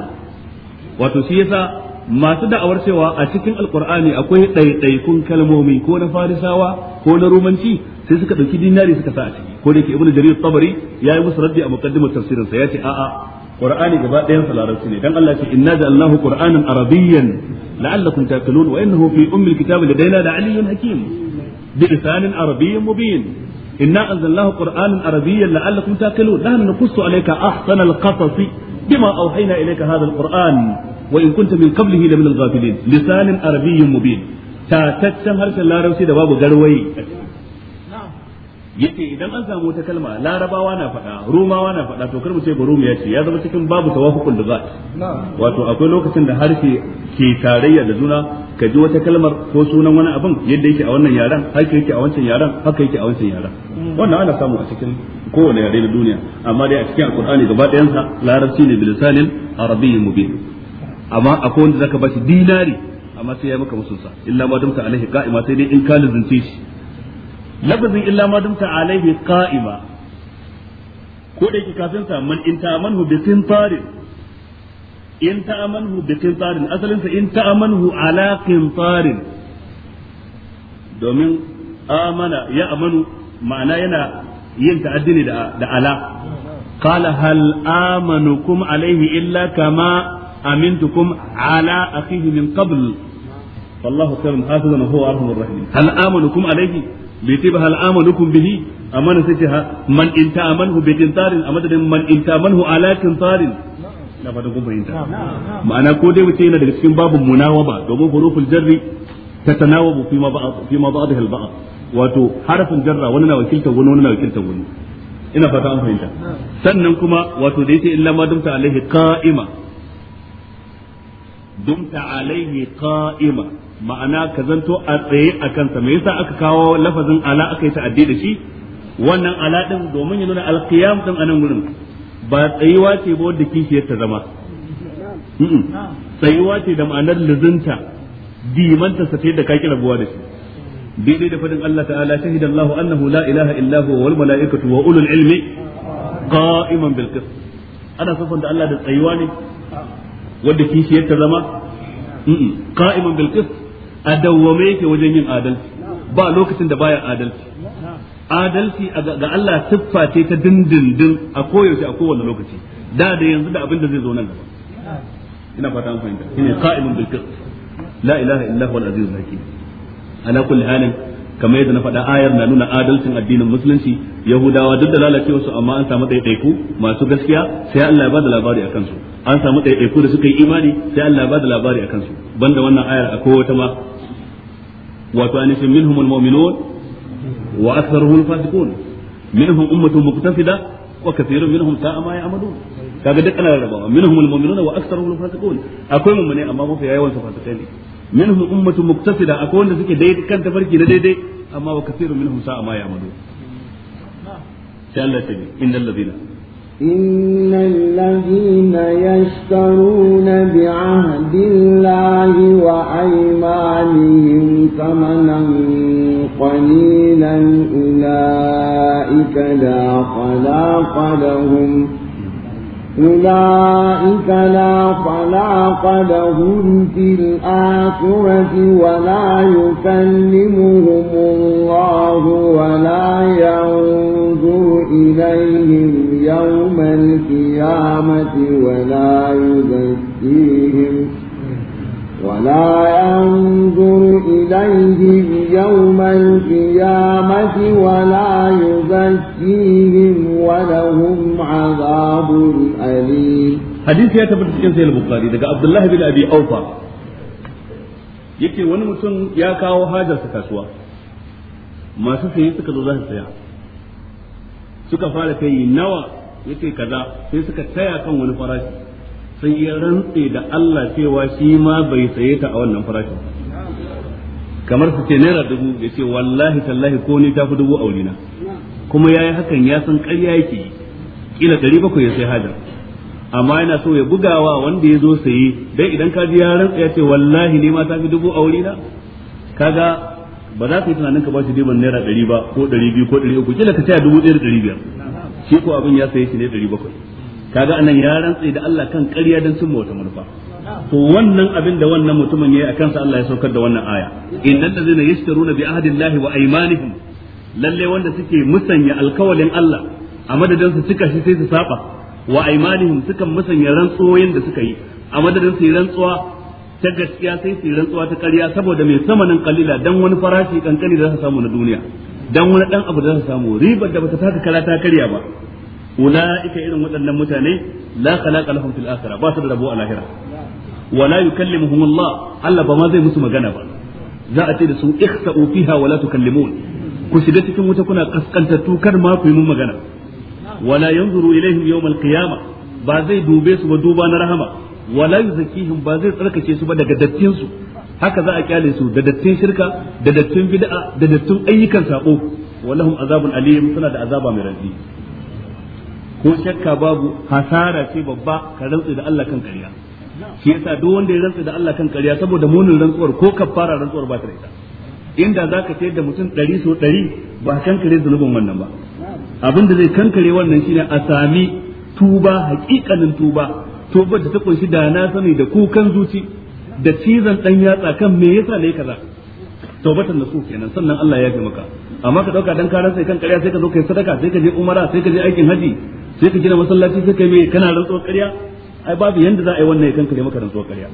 wato shi yasa masu da'awar cewa a cikin alkur'ani akwai ɗaiɗaikun kalmomi ko na farisawa ko na rumanci sai suka ɗauki dinari suka sa a ciki ko da ke ibnu jarir tabari yayi musu raddi a muqaddimar tafsirin sa yace a'a qur'ani gaba ɗayan sa larabci ne dan Allah ce inna ja'alnahu qur'anan arabiyyan la'allakum taqilun wa innahu fi ummil kitabi ladaina la'aliyyun hakim bi lisanin arabiyyin mubin inna anzalnahu qur'anan arabiyyan la'allakum taqilun nahnu naqussu alayka ahsanal qasasi بما أوحينا إليك هذا القرآن وإن كنت من قبله لمن الغافلين لسان عربي مبين taccen harshen larabci da babu garwayi yace idan an samu wata kalma larabawa na faɗa rumawa na faɗa to kar mu ce ba rumu ya ce ya zama cikin babu tawafuqul lughat wato akwai lokacin da harshe ke tarayya da juna ka ji wata kalmar ko sunan wani abin yadda yake a wannan yaran haka yake a wancan yaran haka yake a wancan yaran wannan ana samu a cikin kowane yare na duniya amma dai a cikin alqur'ani gaba ɗayan sa larabci ne bilisanin arabiyyin mubin amma akwai wanda zaka bashi dinari amma sai ya maka musun sa illa ma dumta alaihi qa'ima sai dai in ka lazunce shi lafazin illa ma dumta alaihi qa'ima ko da yake kafin sa man in ta'amanhu bi qintarin in ta'amanhu bi qintarin asalin sa in ta'amanhu ala qintarin domin amana ya amanu ma'ana yana yin ta'addi ne da ala qala hal amanukum illa kama amintukum ala akhihi min qabl hafizan huwa arhamur rahim hal amanukum hal amanukum bihi sai man in bi tintarin a man in ta'amanhu ala tintarin na fata ma'ana ko dai yana daga cikin babu munawaba domin hurufin jarri tatanawabu fi ma ba'd fi ma ba'dha al ba'd wato jarra wani na wakiltar wani wani na wakiltar wani ina fata fahimta sannan kuma wato da yace illa ma dumta alaihi dumta alaihi ma'ana ka zanto a tsaye a kansa me yasa aka kawo lafazin ala aka yi ta'addi da shi wannan ala din domin ya nuna alqiyam din anan gurin ba tsayuwa ce ba wanda kishiyar ta zama tsayuwa ce da ma'anar luzunta. dimanta sa da ka kira buwa da shi daidai da fadin Allah ta'ala shahida Allah annahu la ilaha illa huwa wal malaikatu wa ulul ilmi qa'iman bil qist ana safan da Allah da tsayuwa ne wanda kishi yake zama qa'iman bil qist a dawwame yake wajen yin adalci ba lokacin da baya adalci adalci ga Allah siffa ce ta dindindin a koyaushe a kowane lokaci da da yanzu da abin da zai zo nan gaba ina fata an fahimta shine qa'imun bil qist la ilaha illa huwal azizul hakim ala kulli halin kamar yadda na fada ayar na nuna adalcin addinin musulunci yahudawa duk da lalacewa su amma an samu ɗaiɗaiku masu gaskiya sai Allah ya bada labari a kansu an samu ɗaiɗaiku da suka yi imani sai Allah ya bada labari a kansu banda wannan ayar akwai wata ma wato anishin minhumul mu'minun wa aktharuhul fasiqun minhum ummatun muqtasida wa kathirun minhum sa'a ma ya'malun kaga duk ana rarrabawa minhumul wa minhum ummatun muqtasida akwai wanda suke daidai kan tafarki da daidai amma wa kathirun minhum sa'a ma ya'malu sai Allah ya ce innal ladina إن الذين يشترون بعهد الله وأيمانهم ثمنا قليلا أولئك لا خلاق أولئك لا خلاق لهم في الآخرة ولا يكلمهم الله ولا ينظر إليهم يوم القيامة ولا يزكيهم ولا ينظر إليهم يوم القيامة ولا يزكيهم ولهم عذاب hadisi ya يا تبت cikin sayyid bukhari daga abdullahi bin abi Awfa yake wani mutum ya kawo hajarsa kasuwa masu saye suka zo za su saya suka fara kai nawa yake kaza sai suka taya kan wani farashi sai ya rantse da Allah cewa shi ma bai saye ta a wannan farashi. kamar su ce naira dubu ya ce wallahi tallahi ko ni ta fi dubu aurina kuma ya yi hakan ya san karya yake yi kila ɗari bakwai ya sai hajar amma yana so ya bugawa wanda ya zo sai dai idan ka ji ya rantsa ya ce wallahi ne ma ta fi dubu aure na kaga ba za ka yi tunanin ka ba shi diban naira ɗari ba ko ɗari biyu ko ɗari uku kila ka ce dubu ɗaya da ɗari biyar shi ko abin ya saye shi ne ɗari bakwai kaga anan ya rantsa da Allah kan ƙarya don sun wata manufa to wannan abin da wannan mutumin yayi akan sa Allah ya saukar da wannan aya innal ladzina yashtaruna bi ahdillahi wa aymanihim lalle wanda suke musanya alkawalin Allah a madadin su cika shi sai su saba wa aymanihim sukan musanya rantsoyin da suka yi a madadin su rantsuwa ta gaskiya sai su rantsuwa ta ƙarya saboda mai samanin kalila dan wani farashi kankani da za su samu na duniya dan wani dan abu da za su samu ribar da bata taka kala ta karya ba ulaika irin waɗannan mutane la khalaqa lahum fil akhirah ba su da rabo a lahira wala yukallimuhum Allah Allah ba ma zai musu magana ba za a ce da su ikhsa'u fiha wala tukallimun ku shiga cikin wuta kuna kaskantattu kar ma ku yi mun magana wala yanzuru ilaihim yawmal qiyamah ba zai dube ba duba na rahama wala yuzakihim ba zai tsarkake su ba daga dattinsu haka za a kyale su da dattin shirka da dattin bid'a da dattin ayyukan sako walahum azabun alim suna da azaba mai rantsi ko shakka babu hasara ce babba ka rantsi da Allah kan kariya shi yasa duk wanda ya rantsi da Allah kan kariya saboda munin rantsuwar ko kafara rantsuwar ba ta da ita inda zaka ce da mutum 100 sau 100 ba kan kare zunubin wannan ba abin da zai kankare wannan shine a sami tuba hakikanin tuba tuba da ta kunshi da na sani da kukan zuci da cizon dan yatsa kan me yasa ne kaza tawbatan nasu kenan sannan Allah ya fi maka amma ka dauka dan karan sai kan kariya sai ka zo kai sadaka sai ka je umara sai ka je aikin haji sai ka gina masallaci sai ka me kana rantsuwar karya. ai babu yanda za a yi wannan ya kankare maka rantsuwar ƙarya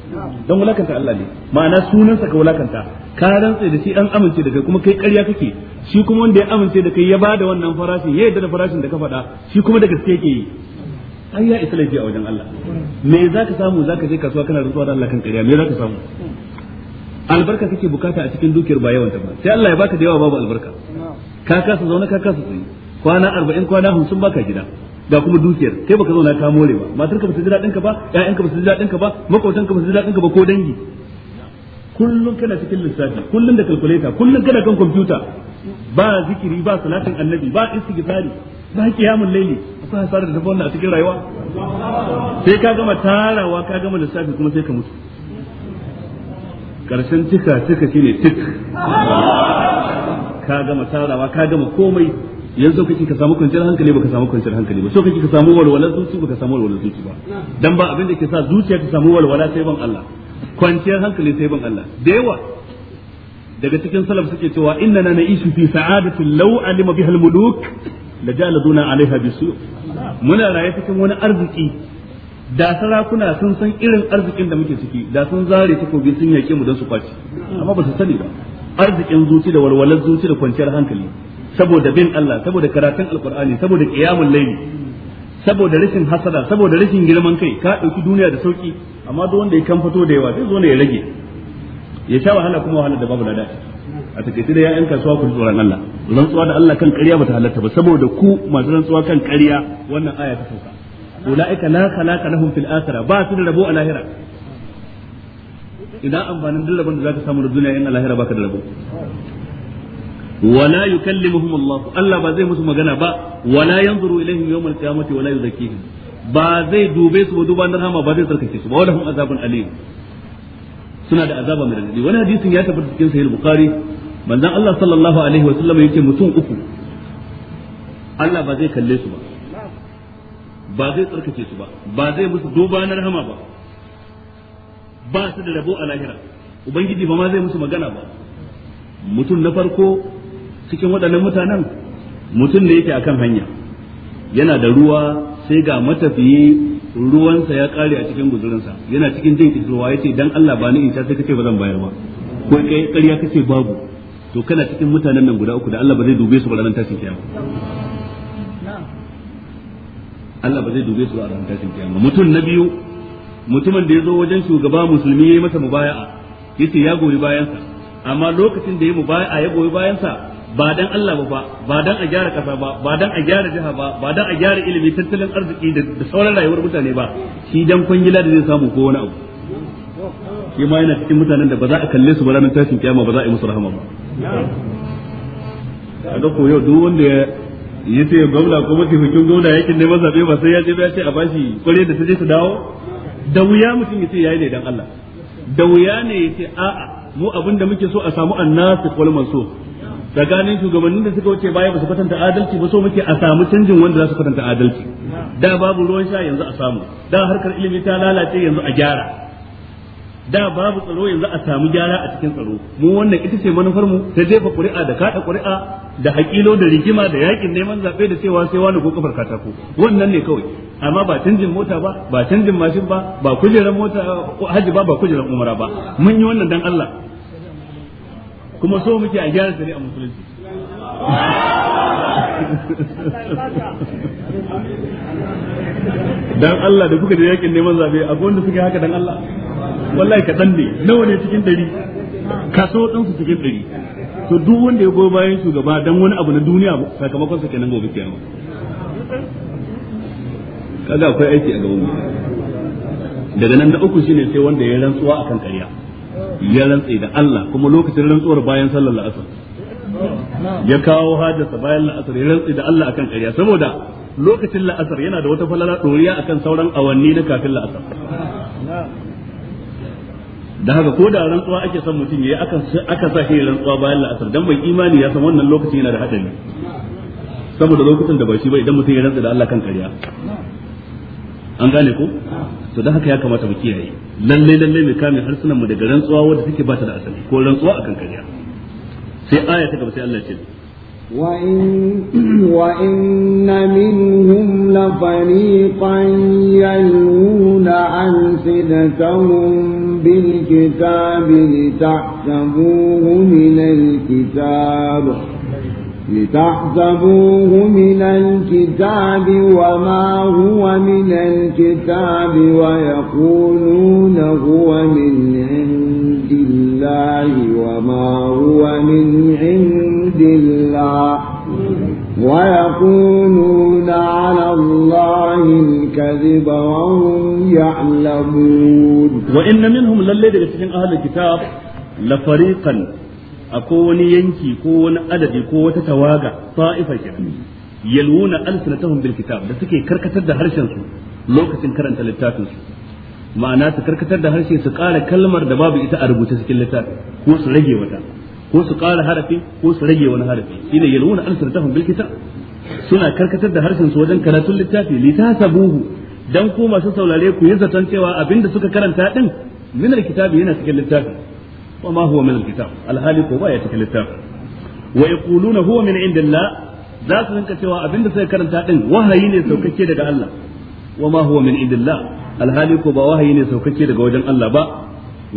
Don wulakanta Allah ne ma'ana sunansa ka wulakanta ka rantsa da shi an amince da kai kuma kai ƙarya kake shi kuma wanda ya amince da kai ya bada wannan farashin ya yarda da farashin da ka faɗa shi kuma da gaske yake yi ai ya isa laifi a wajen Allah me za ka samu za ka je kasuwa kana rantsuwa da Allah kan ƙarya me za ka samu albarka kake bukata a cikin dukiyar ba yawan ta ba sai Allah ya baka da yawa babu albarka ka kasa zauna ka kasa tsaye kwana 40 kwana 50 baka gida ga kuma dukiyar kai baka zauna ka more ba matarka ba su ji daɗin ka ba ƴaƴanka ba su ji ka ba makotanka ba su ji daɗin ba ko dangi kullum kana cikin lissafi kullum da calculator kullum kana kan kwamfuta ba zikiri ba salatin annabi ba istighfari ba qiyamul layli akwai hasara da wannan a cikin rayuwa sai ka gama tarawa ka gama lissafi kuma sai ka mutu karshen cika cika shine tik ka gama tarawa ka gama komai yanzu so kake ka samu kwanciyar hankali baka samu kwanciyar hankali ba so kake ka samu walwalar zuci baka samu walwalar zuci ba dan ba abin da ke sa zuciya ta samu walwala sai ban Allah kwanciyar hankali sai ban Allah da yawa daga cikin salaf suke cewa inna na na'ishu fi sa'adatin law alima bihal muluk la jaladuna alaiha bisu muna raye cikin wani arziki da sarakuna sun san irin arzikin da muke ciki da sun zare takobi sun yake mu don su kwaci amma ba su sani ba arzikin zuci da walwalar zuci da kwanciyar hankali saboda bin Allah saboda karatun alqur'ani saboda qiyamul layli saboda rashin hasada saboda rashin girman kai ka dauki duniya da sauki amma duk wanda ya kan fito da yawa zai zo ne ya rage ya sha wahala kuma wahala da babu lada a takaice da ya'yan kasuwa ku tsoron Allah rantsuwa da Allah kan ƙarya bata halatta ba saboda ku masu rantsuwa kan ƙarya wannan aya ta sauka ulaika la khalaqa lahum fil akhirah ba su da rabo a lahira idan amfanin duk rabon da zaka samu da duniya yana a lahira baka da rabo wala ba zai musu magana ba wala yanzuru ba duba na rahama ba zai ba suna da azaba mai radadi wani hadisin ya tabbata cikin sahih bukhari manzon Allah sallallahu alaihi wa sallam yake mutum uku Allah ba zai kalle su ba ba zai tsarkake su ba ba zai musu duba na rahama ba ba su da rabo a lahira ubangiji ba ma zai musu magana ba mutum na farko cikin waɗannan mutanen mutum da yake akan hanya yana da ruwa sai ga matafiye ruwansa ya ƙare a cikin guzurinsa yana cikin jin kisruwa ya ce dan Allah ba ni in sha sai kace ba zan bayar ba ko kai ƙarya kace babu to kana cikin mutanen nan guda uku da Allah ba zai dube su ba ranar tashin kiyama Allah ba zai dube su a ranar tashin kiyama mutum na biyu mutumin da ya zo wajen shugaba musulmi ya yi masa mubaya'a yace ya goyi bayansa amma lokacin da ya mubaya'a ya goyi bayansa ba dan Allah ba ba dan a gyara kasa ba ba dan a gyara jiha ba ba dan a gyara ilimi tattalin arziki da sauran rayuwar mutane ba shi dan kwangila da zai samu ko wani abu shi ma yana cikin mutanen da ba za a kalle su ba ranar tashin kiyama ba za a yi musu rahama ba A ga koyo duk wanda ya yi ce gwamna ko hukun gwamna yakin ne zaɓe ba sai ya je ya ce a bashi kwarai da ta je su dawo da wuya mutum ya ce ya yi ne dan Allah da wuya ne ya ce a'a mu abin da muke so a samu annasi kwalmansu tsakanin shugabannin da suka wuce baya ba su kwatanta adalci ba so muke a samu canjin wanda za su kwatanta adalci da babu ruwan sha yanzu a samu da harkar ilimi ta lalace yanzu a gyara da babu tsaro yanzu a samu gyara a cikin tsaro mu wannan ita ce manufar mu ta jefa ƙuri'a da kaɗa ƙuri'a da hakilo da rigima da yakin neman zaɓe da cewa sai wani ko kafar katako wannan ne kawai amma ba canjin mota ba ba canjin mashin ba ba kujerar mota hajji ba ba kujerar umara ba mun yi wannan dan Allah kuma so muke a gyara a musulunci dan Allah da kuka da yakin neman zabe a gonda suke haka dan Allah wallahi kaɗan ne nawa ne cikin dari kaso su cikin dari to duk wanda ya goyi bayan shugaba dan wani abu na duniya sakamakon sa kenan gobe kiyama kaga akwai aiki a gaban mu daga nan na uku shine sai wanda ya rantsuwa akan ƙarya ya rantse da Allah kuma lokacin rantsuwar bayan sallar la'asar ya kawo hajarsa bayan la'asar ya rantsi da Allah akan ƙarya saboda lokacin la'asar yana da wata falala ɗoriya akan sauran awanni na kafin la'asar da haka ko da rantsuwa ake son mutum ya yi aka sa shi rantsuwa bayan la'asar dan bai imani ya san wannan lokacin yana da hadari saboda lokacin da ba shi ba idan mutum ya rantsa da Allah kan ƙarya an gane ko to dan haka ya kamata mu kiyaye lallai lalle mai kame harsunan mu daga rantsuwa wanda take ba ta da asali ko rantsuwa akan kariya sai aya ta gaba sai Allah ya ce وإن, ansi an sidatum bil kitabi بالكتاب min al الكتاب لتحسبوه من الكتاب وما هو من الكتاب ويقولون هو من عند الله وما هو من عند الله ويقولون على الله الكذب وهم يعلمون وإن منهم للذين أهل الكتاب لفريقا ko wani yanki ko wani adadi ko wata tawaga ta'ifa kenan yalwuna alsanatahum bil kitab da suke karkatar da harshen su lokacin karanta littafin su ma'ana su karkatar da harshe su ƙara kalmar da babu ita a rubuce cikin littafin ko su rage wata ko su ƙara harafi ko su rage wani harafi shine yalwuna alsanatahum bil kitab suna karkatar da harshen su wajen karatun littafi litasabuhu dan ko masu saurare ku yi zaton cewa abinda suka karanta din min alkitabi yana cikin littafin wa ma huwa min alkitab alhali ko ba ya cikin littafin wa yaquluna huwa min indillah za su rinka cewa abin da suka karanta din wahayi ne saukake daga Allah wa ma huwa min indillah alhali ko ba wahayi ne saukake daga wajen Allah ba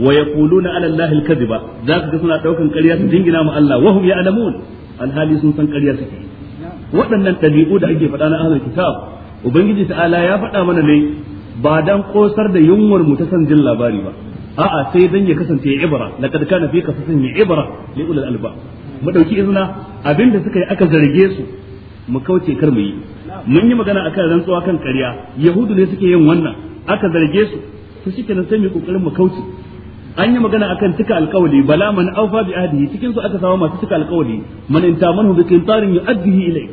wa yaquluna ala allahi alkadhiba za su ga suna daukan ƙarya su dingina ma Allah wa hum ya'lamun alhali sun san ƙarya suke waɗannan ɗabi'u da ake faɗa na ahlul kitab ubangiji ta'ala ya faɗa mana ne ba dan kosar da yunwar mu ta san jin labari ba a'a sai dan ya kasance ibra laqad kana fi qasasin ibra li ulil alba mu dauki izina abinda suka yi aka zarge su mu kauce kar mu yi mun yi magana akan rantsuwa kan karya yahudu ne suke yin wannan aka zarge su to shikenan sai mu kokarin mu kauce an yi magana akan cika alkawali bala man aufa bi ahdihi cikin su aka samu masu cika alkawali man intamanhu bi qintarin yu'addihi ilayk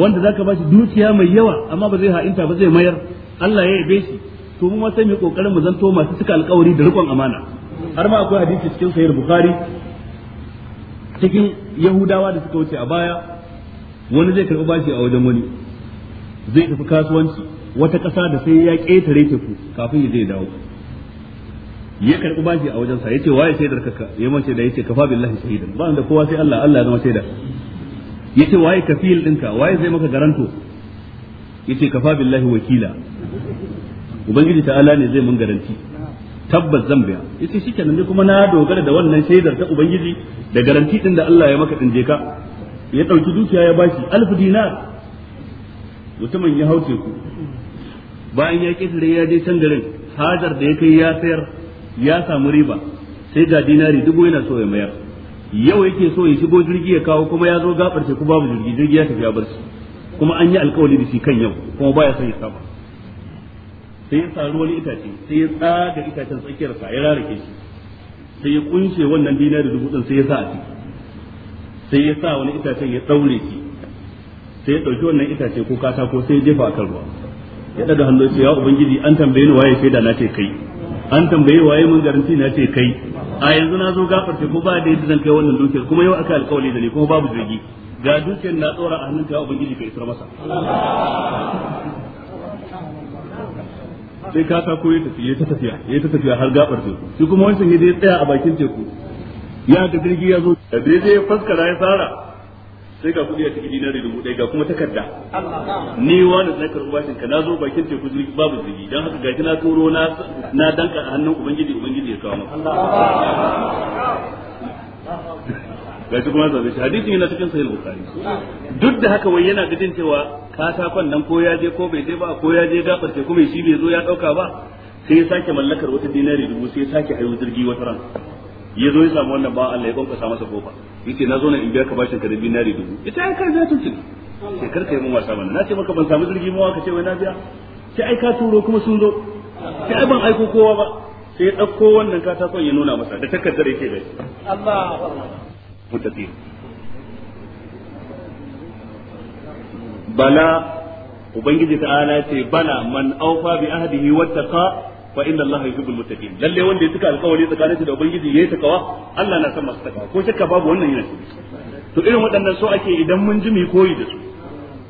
wanda zaka bashi dukiya mai yawa amma ba zai ha'inta ba zai mayar Allah ya yabe shi to mu ma sai mu kokarin mu zanto masu cika alƙawari da rikon amana har ma akwai hadisi cikin sahih bukhari cikin yahudawa da suka wuce a baya wani zai karɓi bashi a wajen wani zai tafi kasuwanci wata ƙasa da sai ya ƙetare teku kafin ya je dawo ya karɓi bashi a wajensa ya ce waye shaidar ka ya mace da ya ce kafa billahi shaidan ba da kowa sai Allah Allah ya zama shaida ya ce waye kafil ɗinka waye zai maka garanto ya ce kafa billahi wakila ubangiji ta'ala ne zai mun garanti tabbas zan biya yace shikenan ne kuma na dogara da wannan shaidar ta ubangiji da garanti din da Allah ya maka din je ka ya dauki dukiya ya bashi alf dinar mutumin ya hauce ku bayan ya kidire ya je can garin hajar da ya kai ya sayar ya samu riba sai ga dinari dubu yana so ya mayar yau yake so ya shigo jirgi ya kawo kuma ya zo gabar ku babu jirgi jirgi ya tafi ya bar shi kuma an yi alkawari da shi kan yau kuma baya son ya saba sai ya sari wani itace sai ya tsaga itacen tsakiyar sa ya rarake shi sai ya kunshe wannan dinar da dubu din sai ya sa a ciki sai ya sa wani itacen ya daure shi sai ya dauki wannan itace ko katako sai ya jefa a kan ruwa ya daga hannu sai ya ubangiji an tambaye ni waye shaida na ce kai an tambaye waye mun garanti na ce kai a yanzu na zo gafarce ko ba da yadda zan kai wannan dukiyar kuma yau aka alkawali da ni kuma babu jirgi ga dukiyar na tsora a hannun ta ubangiji ka isar masa sai ka ta koyi ta ya ta tafiya ya ta tafiya har gabar teku shi kuma wancan ya dai tsaya a bakin teku ya ga jirgi ya zo da dai zai faskara ya tsara sai ga kudi ya tafi da dubu ɗaya ga kuma takarda ni wani zai karɓi bashin ka na zo bakin teku jirgi babu jirgi don haka gaji na turo na na danka a hannun ubangiji ubangiji ya kawo maka ga shi kuma zabe shi hadisi yana cikin sahih bukhari duk da haka wai yana gidin cewa ka katakon nan ko ya je ko bai je ba ko ya je gabar teku kuma shi bai zo ya dauka ba sai ya sake mallakar wata dinari dubu sai ya sake hayo jirgi wata ran ya zo ya samu wannan ba Allah ya kwankwasa masa kofa yace na zo na in biya ka bashin ka da dinari dubu ita ya ka biya tuntun sai karka yi mun wasa mana na ce maka ban samu jirgi mawa ka ce wai na biya sai ai ka turo kuma sun zo sai ai ban aiko kowa ba sai ya ɗauko wannan katakon ya nuna masa da takardar yake da shi Allah Allah متتی bala ubangiji ta'ala ce bala man aufa bi ahdihi wattaqa fa inna allaha yuhibbul muttaqin lalle wanda ya tuka alƙawari tsakanin shi da ubangiji yayi takawa Allah na san masu takawa ko shakka babu wannan yana to irin waɗannan so ake idan mun ji mu koyi da su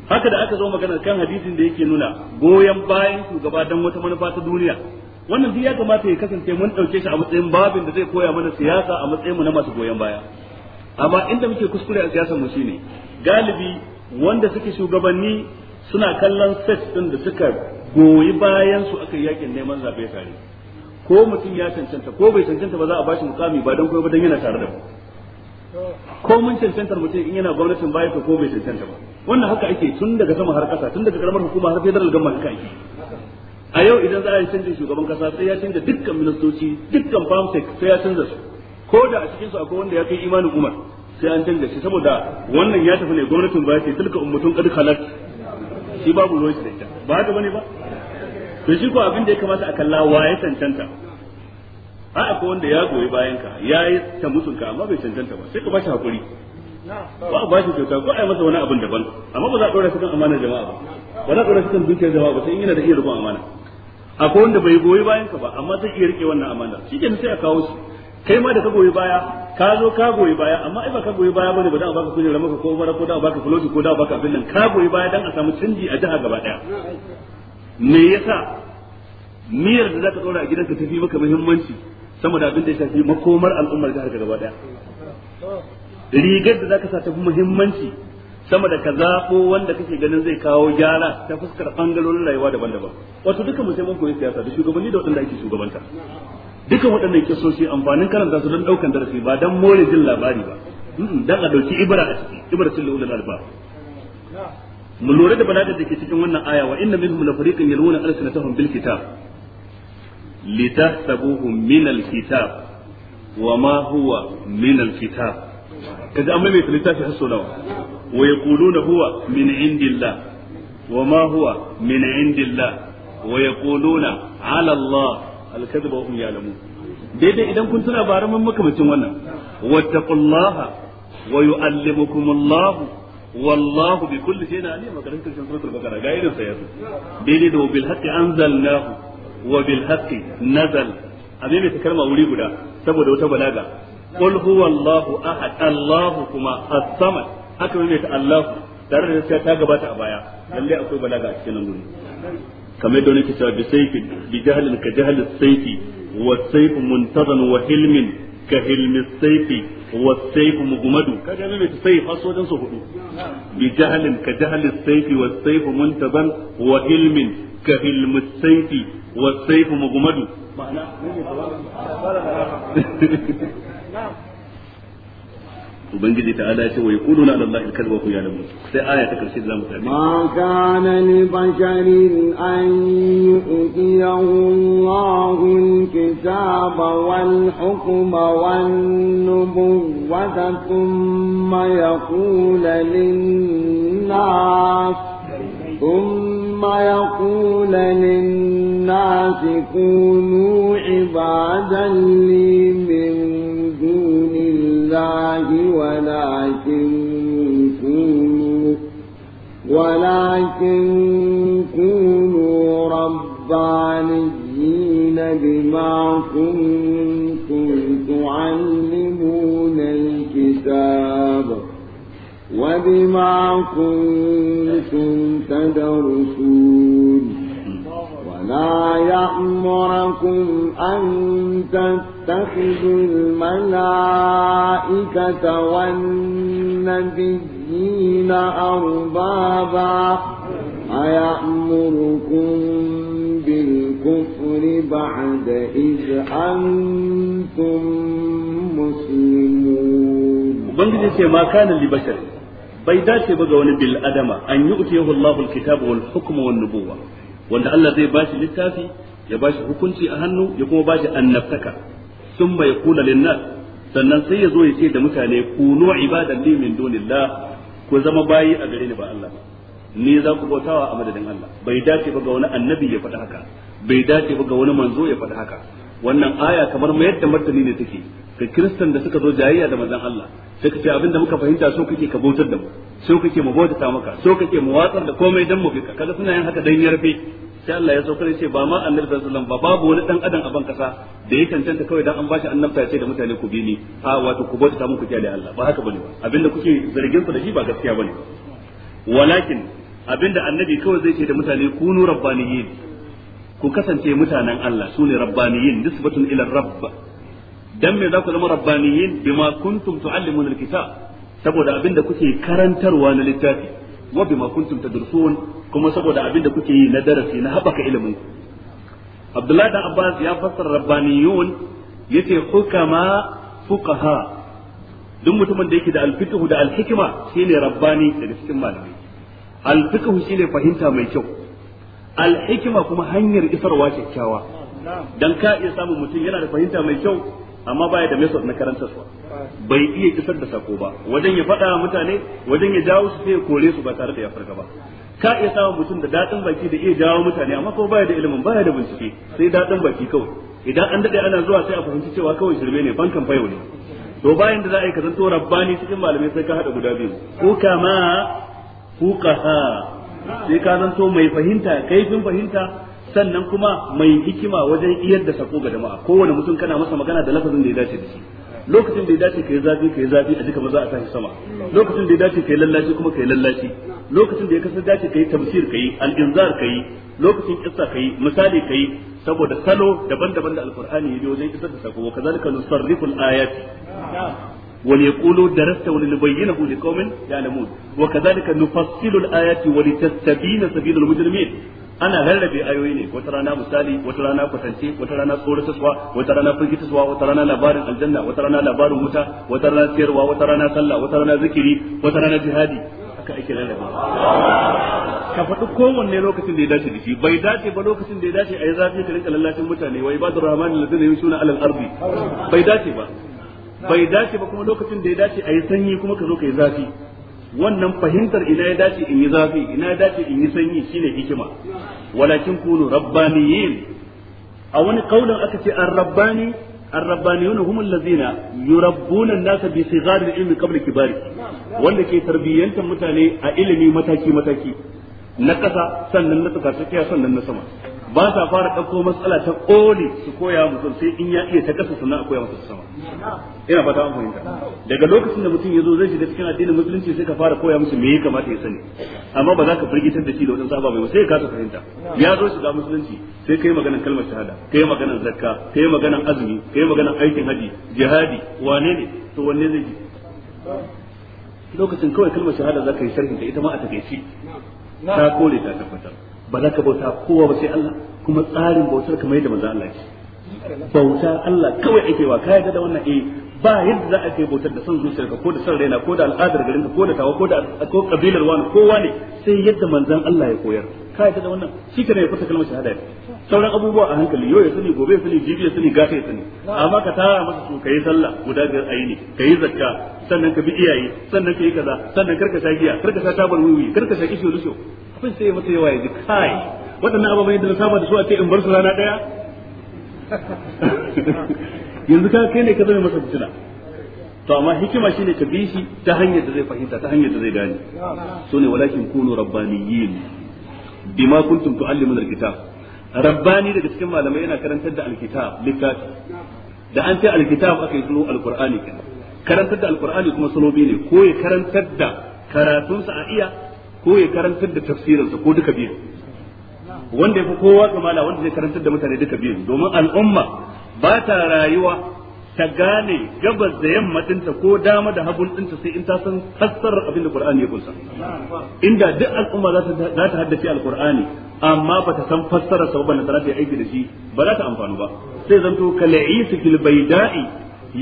haka da aka zo magana kan hadisin da yake nuna goyon bayan shugaba dan wata manufa ta duniya wannan duk ya kamata ya kasance mun dauke shi a matsayin babin da zai koya mana siyasa a matsayin mu na masu goyon baya amma inda muke kuskure a siyasar mu shine galibi wanda suke shugabanni suna kallon sex din da suka goyi bayan su aka yakin neman zabe tare ko mutum ya cancanta ko bai cancanta ba za a bashi mukami ba dan koyo ba dan yana tare da mu ko mun cancantar mutum in yana gwamnatin baya ko bai cancanta ba wannan haka ake tun daga sama har kasa tun daga karamar hukuma har federal government haka ake a yau idan za a yi canjin shugaban kasa sai ya canza dukkan ministoci dukkan farm sai ya canza su ko da a cikin su akwai wanda ya kai imanin umar sai an canza shi saboda wannan ya tafi ne gwamnatin ba ce tilka ummatun kad khalat shi babu ruwan shi da ba da bane ba to shi ko abin da ya kamata a kalla wa ya cancanta a akwai wanda ya goyi bayan ka ya yi ta ka amma bai cancanta ba sai ka bashi hakuri ba a bashi kyauta ko a yi masa wani abin daban amma ba za a ɗora shi kan amanar jama'a ba ba za a ɗora shi kan dukiyar jama'a ba sai in yana da iya rubun amana akwai wanda bai goyi bayan ka ba amma zai iya rike wannan amana shi ke sai a kawo shi kai ma da ka goyi baya ka zo ka goyi baya amma ai ba ka goyi baya bane ba da baka kujera maka ko bara ko da baka fuloji ko da baka abin nan ka goyi baya dan a samu canji a jiha gaba daya me yasa miyar da zaka dora a gidanka tafi maka muhimmanci sama da abin da ya shafi makomar al'ummar jihar gaba daya rigar da zaka sa tafi muhimmanci sama da ka zaɓo wanda kake ganin zai kawo gyara ta fuskar bangalolin rayuwa daban-daban wato duka mu sai mun koyi siyasa da shugabanni da waɗanda ake shugabanta dukan waɗannan kisoshi amfanin karanta su don ɗaukan darasi ba don more jin labari ba dan a dauki ibra a ciki ibratul ulul alba. mu lura da balagar da ke cikin wannan aya wa inna minhum la fariqan yalwuna alsanatahum bil kitab litahsabuhu min al kitab wa ma huwa min al kitab kaga amma mai littafi har nawa wa yaquluna huwa min indillah wa ma huwa min indillah wa yaquluna ala allah al wa hum daidai idan kun tuna bara mun makamacin wannan wattaqullaha wa yu'allimukumullahu wallahu bi kulli shay'in alim a karshen karshen suratul baqara ga irin sa yazo daidai da bil haqqi anzalnahu wa bil haqqi nazal abin da ta kalma wuri guda saboda wata balaga qul huwallahu ahad allahu kuma as-samad haka mai ta allahu tare da ta gabata a baya lalle akwai balaga a cikin nan kamar da wani ke cewa bi sayfi bi ka jahlin sayfi wa sayfu muntazan wa hilmin ka hilmi sayfi wa sayfu mugumadu su hudu bi jahlin ka jahlin sayfi wa sayfu muntazan wa hilmin ka hilmi sayfi wa sayfu mugumadu ma'ana ubangiji ta ala ce wa yaquluna ala allahi kadha wa hum ya'lamun sai aya ta karshe zamu tsaya ma kana li basharin an yu'tiyahu allahu kitaba wal hukma wan nubuwwata thumma yaqulu lin nas ثم يقول للناس كونوا عبادا لي من الله ولكن كونوا ولكن كونوا ربانيين بما كنتم تعلمون الكتاب وبما كنتم تدرسون لا يأمركم أن تتخذوا الملائكة والنبيين أربابا أيأمركم بالكفر بعد إذ أنتم مسلمون وبنجد ما كان لبشر bai dace ba ga wani bil adama an yi utiyahullahu alkitabu wal hukma wan nubuwa wanda Allah zai bashi littafi ya bashi hukunci a hannu ya kuma bashi annabtaka sun mai kula linnar sannan sai ya zo ya ce da mutane kuno ibadan li min dunillah ku zama bayi a gare ni ba Allah ni za ku bautawa a madadin Allah bai dace ba ga wani annabi ya faɗi haka bai dace ba ga wani manzo ya faɗi haka wannan aya kamar mai yadda martani ne take ga kiristan da suka zo jayayya da manzon Allah sai ce abinda muka fahimta so kake ka bautar da mu so kake mu bauta maka so kake mu watsar da komai dan mu bi ka kaga suna yin haka dan yarfe sai Allah ya saukar ce ba ma annabi sallallahu alaihi wasallam ba babu wani dan adam a ban kasa da ya cancanta kawai dan an bashi annabta ce da mutane ku bi ni a wato ku bauta mun ku kiyaye Allah ba haka bane ba abinda kuke zargin su da shi ba gaskiya bane walakin abinda annabi kawai zai ce da mutane kunu rabbaniyin ku kasance mutanen Allah sune rabbaniyin nisbatun ila rabb dan me za ku zama rabbaniyin bima kuntum tuallimuna alkitab saboda abinda kuke karantarwa na littafi wa bima kuntum tadrusun kuma saboda abinda kuke yi na darasi na habaka ilimin Abdullahi dan Abbas ya fassara rabbaniyun yace hukama fuqaha duk mutumin da yake da alfiqhu da alhikma shine rabbani daga cikin malamai alfiqhu shine fahimta mai kyau alhikma kuma hanyar isarwa kyakkyawa dan ka iya samun mutum yana da fahimta mai kyau amma baya da method na su bai iya kisar da sako ba wajen ya faɗa mutane wajen ya jawo su sai ya kore su ba tare da ya farka ba ka iya samun mutum da daɗin baki da iya jawo mutane amma kuma baya da ilimin baya da bincike sai daɗin baki kawai idan an daɗe ana zuwa sai a fahimci cewa kawai shirme ne bankan fayo ne to bayan da za a yi kazanto rabbani cikin malamai sai ka haɗa guda biyu ko kama fuqaha sai ka zanto mai fahimta kaifin fahimta sannan kuma mai hikima wajen iyar da sako ga jama'a kowane mutum kana masa magana da lafazin da ya dace da shi lokacin da ya dace kai zafi kai zafi a jika maza a tashi sama lokacin da ya dace kai lallashi kuma kai lallashi lokacin da ya kasar dace kai tafsir kai alinzar ka kai lokacin kissa kai misali kai saboda salo daban-daban da ya yayi wajen isar da sako wa kazalika nusarrifu al-ayat wa yaqulu darasta wa nubayyinahu liqaumin ya'lamun wa kazalika nufassilu al-ayati wa litastabina sabilul mujrimin ana rarrabe ayoyi ne wata rana misali wata rana kwatance wata rana tsoratarwa wata rana firgitarwa wata rana labarin aljanna wata rana labarin wuta wata rana siyarwa wata rana sallah wata rana zikiri wata rana jihadi haka ake rarrabe ka faɗi kowanne lokacin da ya dace da shi bai dace ba lokacin da ya dace a yi zafi ka rinka lallacin mutane wa ibadur rahman alladhina yamshuna alal ardi bai dace ba bai dace ba kuma lokacin da ya dace a yi sanyi kuma ka zo ka yi zafi wannan fahimtar ina ya dace in yi zafi ina ya dace in yi sanyi shine hikima walakin kunu rabbaniyin a wani kaulin aka ce an rabbani ar-rabbaniyun hum allazina yurabbuna nasa bi sighar ilmi qabla kibari wanda ke tarbiyyantar mutane a ilimi mataki mataki na kasa sannan na tsakatsakiya sannan na sama ba sa fara ɗauko matsala ta ƙoli su koya musu sai in ya iya ta kasa sannan a koya musu sama ina fata an fahimta daga lokacin da mutum ya zo zai shiga cikin addinin musulunci sai ka fara koya musu me ya kamata ya sani amma ba za ka firgitar da shi da wadansu ababai ba sai ka fahimta ya zo shiga musulunci sai kai maganar kalmar shahada kai maganar zakka kai maganar azumi kai maganar aikin haji jihadi wane ne to wanne zai ji lokacin kawai kalmar shahada za ka yi sharhin da ita ma a takaici ta kore ta tabbatar ba za ka bauta kowa ba sai Allah kuma tsarin bautar kamar yadda manzo Allah ke bauta Allah kawai ake wa kai da wannan eh ba yadda za a kai bautar da son zuciyarka ko da son raina ko da al'adar ka ko da tawa ko da ko kabilar wani kowa ne sai yadda manzon Allah ya koyar ka da wannan shi kana ya fita kalmar shahada sauran abubuwa a hankali yau ya sani gobe ya sani jibi ya sani gafe ya sani amma ka tara masa su kai sallah guda biyar ayi ne yi zakka sannan ka bi iyaye sannan ka yi kaza sannan karka sha giya karka sha tabar wiwi karka sha kishiyo lusho abin sai masa yawa ya ji kai waɗannan ababen da na saba da su a ce in bar su rana ɗaya yanzu ka kai ne ka zama masa fitina to amma hikima shine ka bi shi ta hanyar da zai fahimta ta hanyar da zai gane sune walakin kunu rabbaniyin bima kuntum tu'allimuna alkitab rabbani daga cikin malamai yana karantar da alkitab littafi da an ce alkitab aka yi sulu alqur'ani karantar da alqur'ani kuma salobi ne ko ya karantar da karatunsa a iya ko ya karantar da tafsirinsa ko duka biyu wanda ya fi kowa kamala wanda zai karantar da mutane duka biyu domin al'umma ba ta rayuwa ta gane gabas da yamma dinta ko dama da hagun dinta sai in ta san fassar abin da Qur'ani ya kunsa inda duk al'umma za ta za ta haddace alqur'ani amma ba ta san fassara sa ba da ta yi aiki da shi ba za ta amfanu ba sai zanto kal'isi fil baydai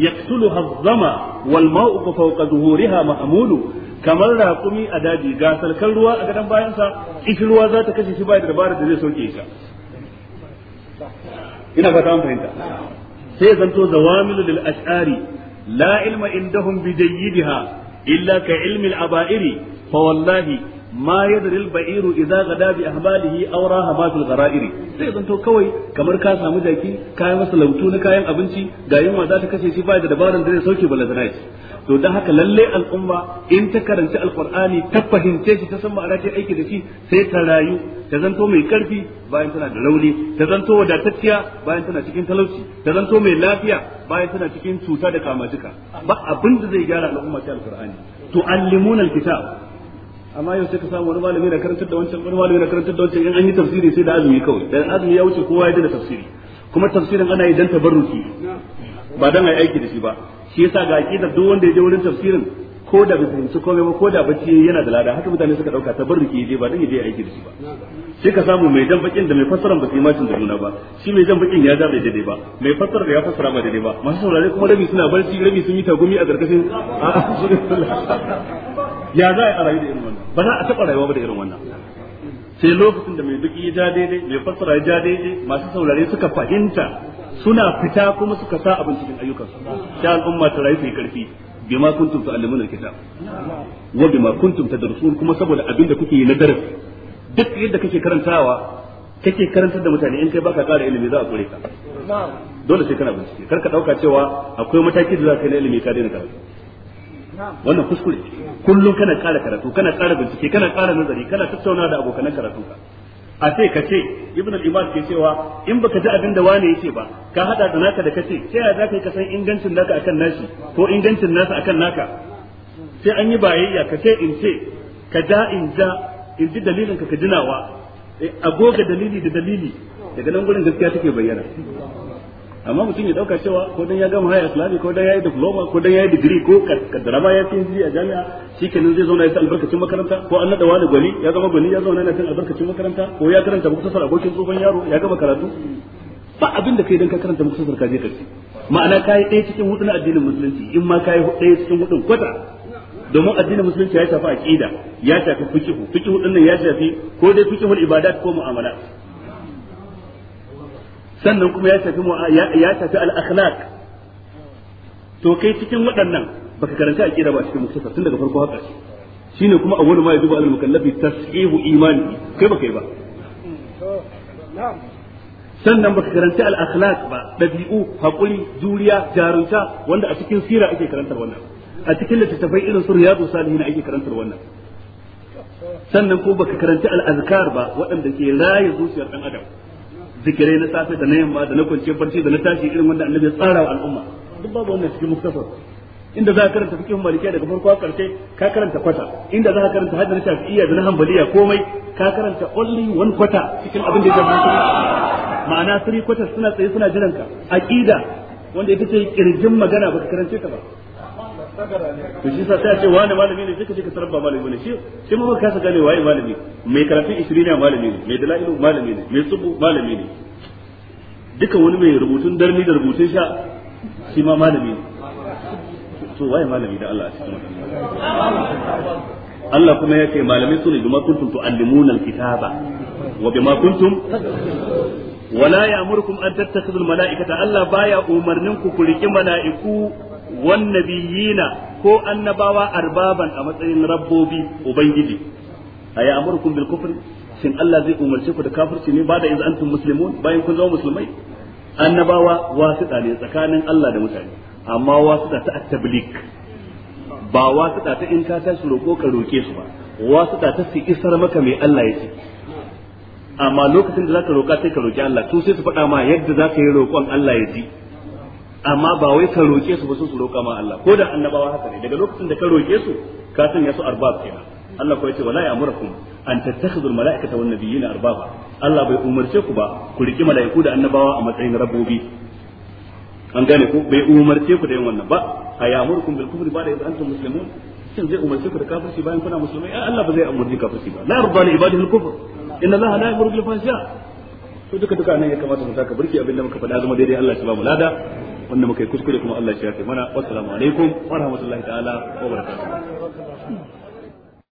yaqtuluha adh-dhama wal ma'u fawqa zuhuriha mahmulu kamar raƙumi a daji ga salkan ruwa a gadon bayansa ruwa za ta kashe shi ba da dabarar da zai sauke shi ina fata an fahimta sai zanto zawamilu lil ash'ari la ilma indahum bi jayyidiha illa ka ilmi al aba'iri fa wallahi ma yadri al ba'iru idza gada bi ahbalihi aw raha ma fil gara'iri sai zanto kawai kamar ka samu jaki kayan masa lautu na kayan abinci ga yunwa za ta kashe shi ba da dabaran da zai sauke balazana to dan haka lalle al'umma in ta karanci alqur'ani ta fahimce shi ta san ma'ana ta aiki da shi sai ta rayu ta zanto mai karfi bayan tana da rauni ta zanto wadatacciya bayan tana cikin talauci ta zanto mai lafiya bayan tana cikin cuta da kamatuka ba abin da zai gyara al'umma ta alqur'ani to allimuna alkitab amma yau sai ka samu wani malami na karantar da wancan wani malami na karantar da wancan in an yi tafsiri sai da azumi kawai dan azumi ya wuce kowa ya da tafsiri kuma tafsirin ana yi dan tabarruki ba dan ai aiki da shi ba shi yasa ga aqida duk wanda ya je wurin tafsirin ko da bai fahimci komai ba ko da bacci yana da lada haka mutane suka dauka tabarruki je ba dan je aiki da shi ba sai ka samu mai dan bakin da mai fassara ba su yi da juna ba shi mai dan bakin ya ja bai daidai ba mai fassara da ya fassara ma daidai ba masu saurare kuma rabi suna barci rabi sun yi tagumi a karkashin ya za a rayu da irin wannan ba za a taba rayuwa ba da irin wannan sai lokacin da mai duki ya ja daidai mai fassara ya ja daidai masu saurare suka fahimta suna fita kuma suka sa abin cikin ayyukansu da al'umma ta rayu sai yi karfi bima kuntum ta'allamuna alkitab wa bima kuntum tadrusun kuma saboda abin da kuke yi na darasi duk yadda kake karantawa kake karantar da mutane in kai baka ƙara ilimi za a kore ka dole sai kana bincike kar ka dauka cewa akwai mataki da za ka yi na ilimi ka daina karatu wannan kuskure kullum kana ƙara karatu kana ƙara bincike kana ƙara nazari kana tattaunawa da abokan karatu ka a ce ka ce ibn al-ibad ke cewa in baka ji abin da wani yake ba ka hada da naka da kace sai ya zaka ka san ingancin naka akan nashi ko ingancin nasa akan naka sai an yi bayayya ka ce in ce ka da in ja in ji dalilin ka ka jinawa eh, a goga dalili da dalili daga nan gurin gaskiya take bayyana amma mutum ya dauka cewa ko dan ya gama haya islami ko dan yayi diploma ko dan yayi degree ko kaddara ya PhD a jami'a shikenan zai zauna ya ta albarkacin makaranta ko an nada wani gwani ya zama gwani ya zauna yana san albarkacin makaranta ko ya karanta muku muktasar abokin tsohon yaro ya gama karatu ba abin da kai dan ka karanta muku ka kaje karshe ma'ana kai ɗaya cikin hudu na addinin musulunci in ma kai ɗaya cikin hudun kwata domin addinin musulunci ya shafi aqida ya shafi fiqh fiqh din nan ya shafi ko dai fiqhul ibadat ko mu'amalat sannan kuma ya tafi ya tafi al-akhlaq to kai cikin waɗannan baka karanta aqida ba cikin muktasar tun daga farko haka shine kuma awwalu ma yajibu al-mukallafi tashihu imani kai baka yi ba sannan baka karanta al-akhlaq ba dabi'u haƙuri, juriya jarunta wanda a cikin sira ake karantar wannan a cikin littattafai irin su riyadu salihin ake karantar wannan sannan ko baka karanta al-azkar ba waɗanda ke raye zuciyar dan adam zikirai na safe da na yamma da na kwanciyar barci da na tashi irin wanda annabi ya tsara wa al'umma duk babu wannan cikin muktasar inda za ka karanta fikihun malikiya daga farko karshe ka karanta kwata inda za ka karanta hadda na shafi'iyya da na hanbaliya komai ka karanta only one kwata cikin abin da ya zama ma'ana three quarters suna tsaye suna jiranka. ka aqida wanda ita ce kirjin magana ba ka karance ta ba to shi sa sai a ce wani malami ne duka duka sarrafa malami ne shi shi ma ka sa gane waye malami mai karatu 20 malami ne mai dalailu malami ne mai subu malami ne duka wani mai rubutun darmi da rubutun sha shi ma malami ne to waye malami da Allah a cikin Allah kuma ya ce malami su ne bima kuntum tu'allimuna alkitaba wa bima kuntum wala ya'murukum an tattakhidul mala'ikata Allah baya umarninku ku riki mala'iku wan nabiyina ko annabawa arbaban a matsayin rabbobi ubangiji aya amurkum bil kufri shin Allah zai umarce ku da kafirci ne ba da yanzu antum muslimun bayan kun zama musulmai annabawa wasiƙa ne tsakanin Allah da mutane amma wasiƙa ta at-tabliq ba wasiƙa ta in ka tashi roƙo ka roƙe su ba wasiƙa ta su isar maka mai Allah ya ce amma lokacin da za ka roƙa sai ka roƙi Allah to sai su faɗa ma yadda za ka yi roƙon Allah ya ji amma ba wai ka roke su ba su roka ma Allah ko da annabawa haka ne daga lokacin da ka roke su ka sanya su arbab kenan Allah ko yace wala ya'murukum an tattakhidul mala'ikata wan nabiyina arbaba Allah bai umarce ku ba ku riki mala'iku da annabawa a matsayin rabbobi an gane ku bai umarce ku da yin wannan ba a ya'murukum bil kufri ba da idan antum muslimun shin zai umarce ku da kafirci bayan kuna musulmai ai Allah ba zai umarci kafirci ba la yarda li ibadihi al kufr inna Allah la ya'muru bil fahsha to duka duka nan ya kamata mu saka burki abin da muka faɗa zama daidai Allah ya ba mu wanda muka yi kuskure kuma Allah ya shafe mana wassalamu alaikum wa rahmatullahi ta'ala wa barakatuh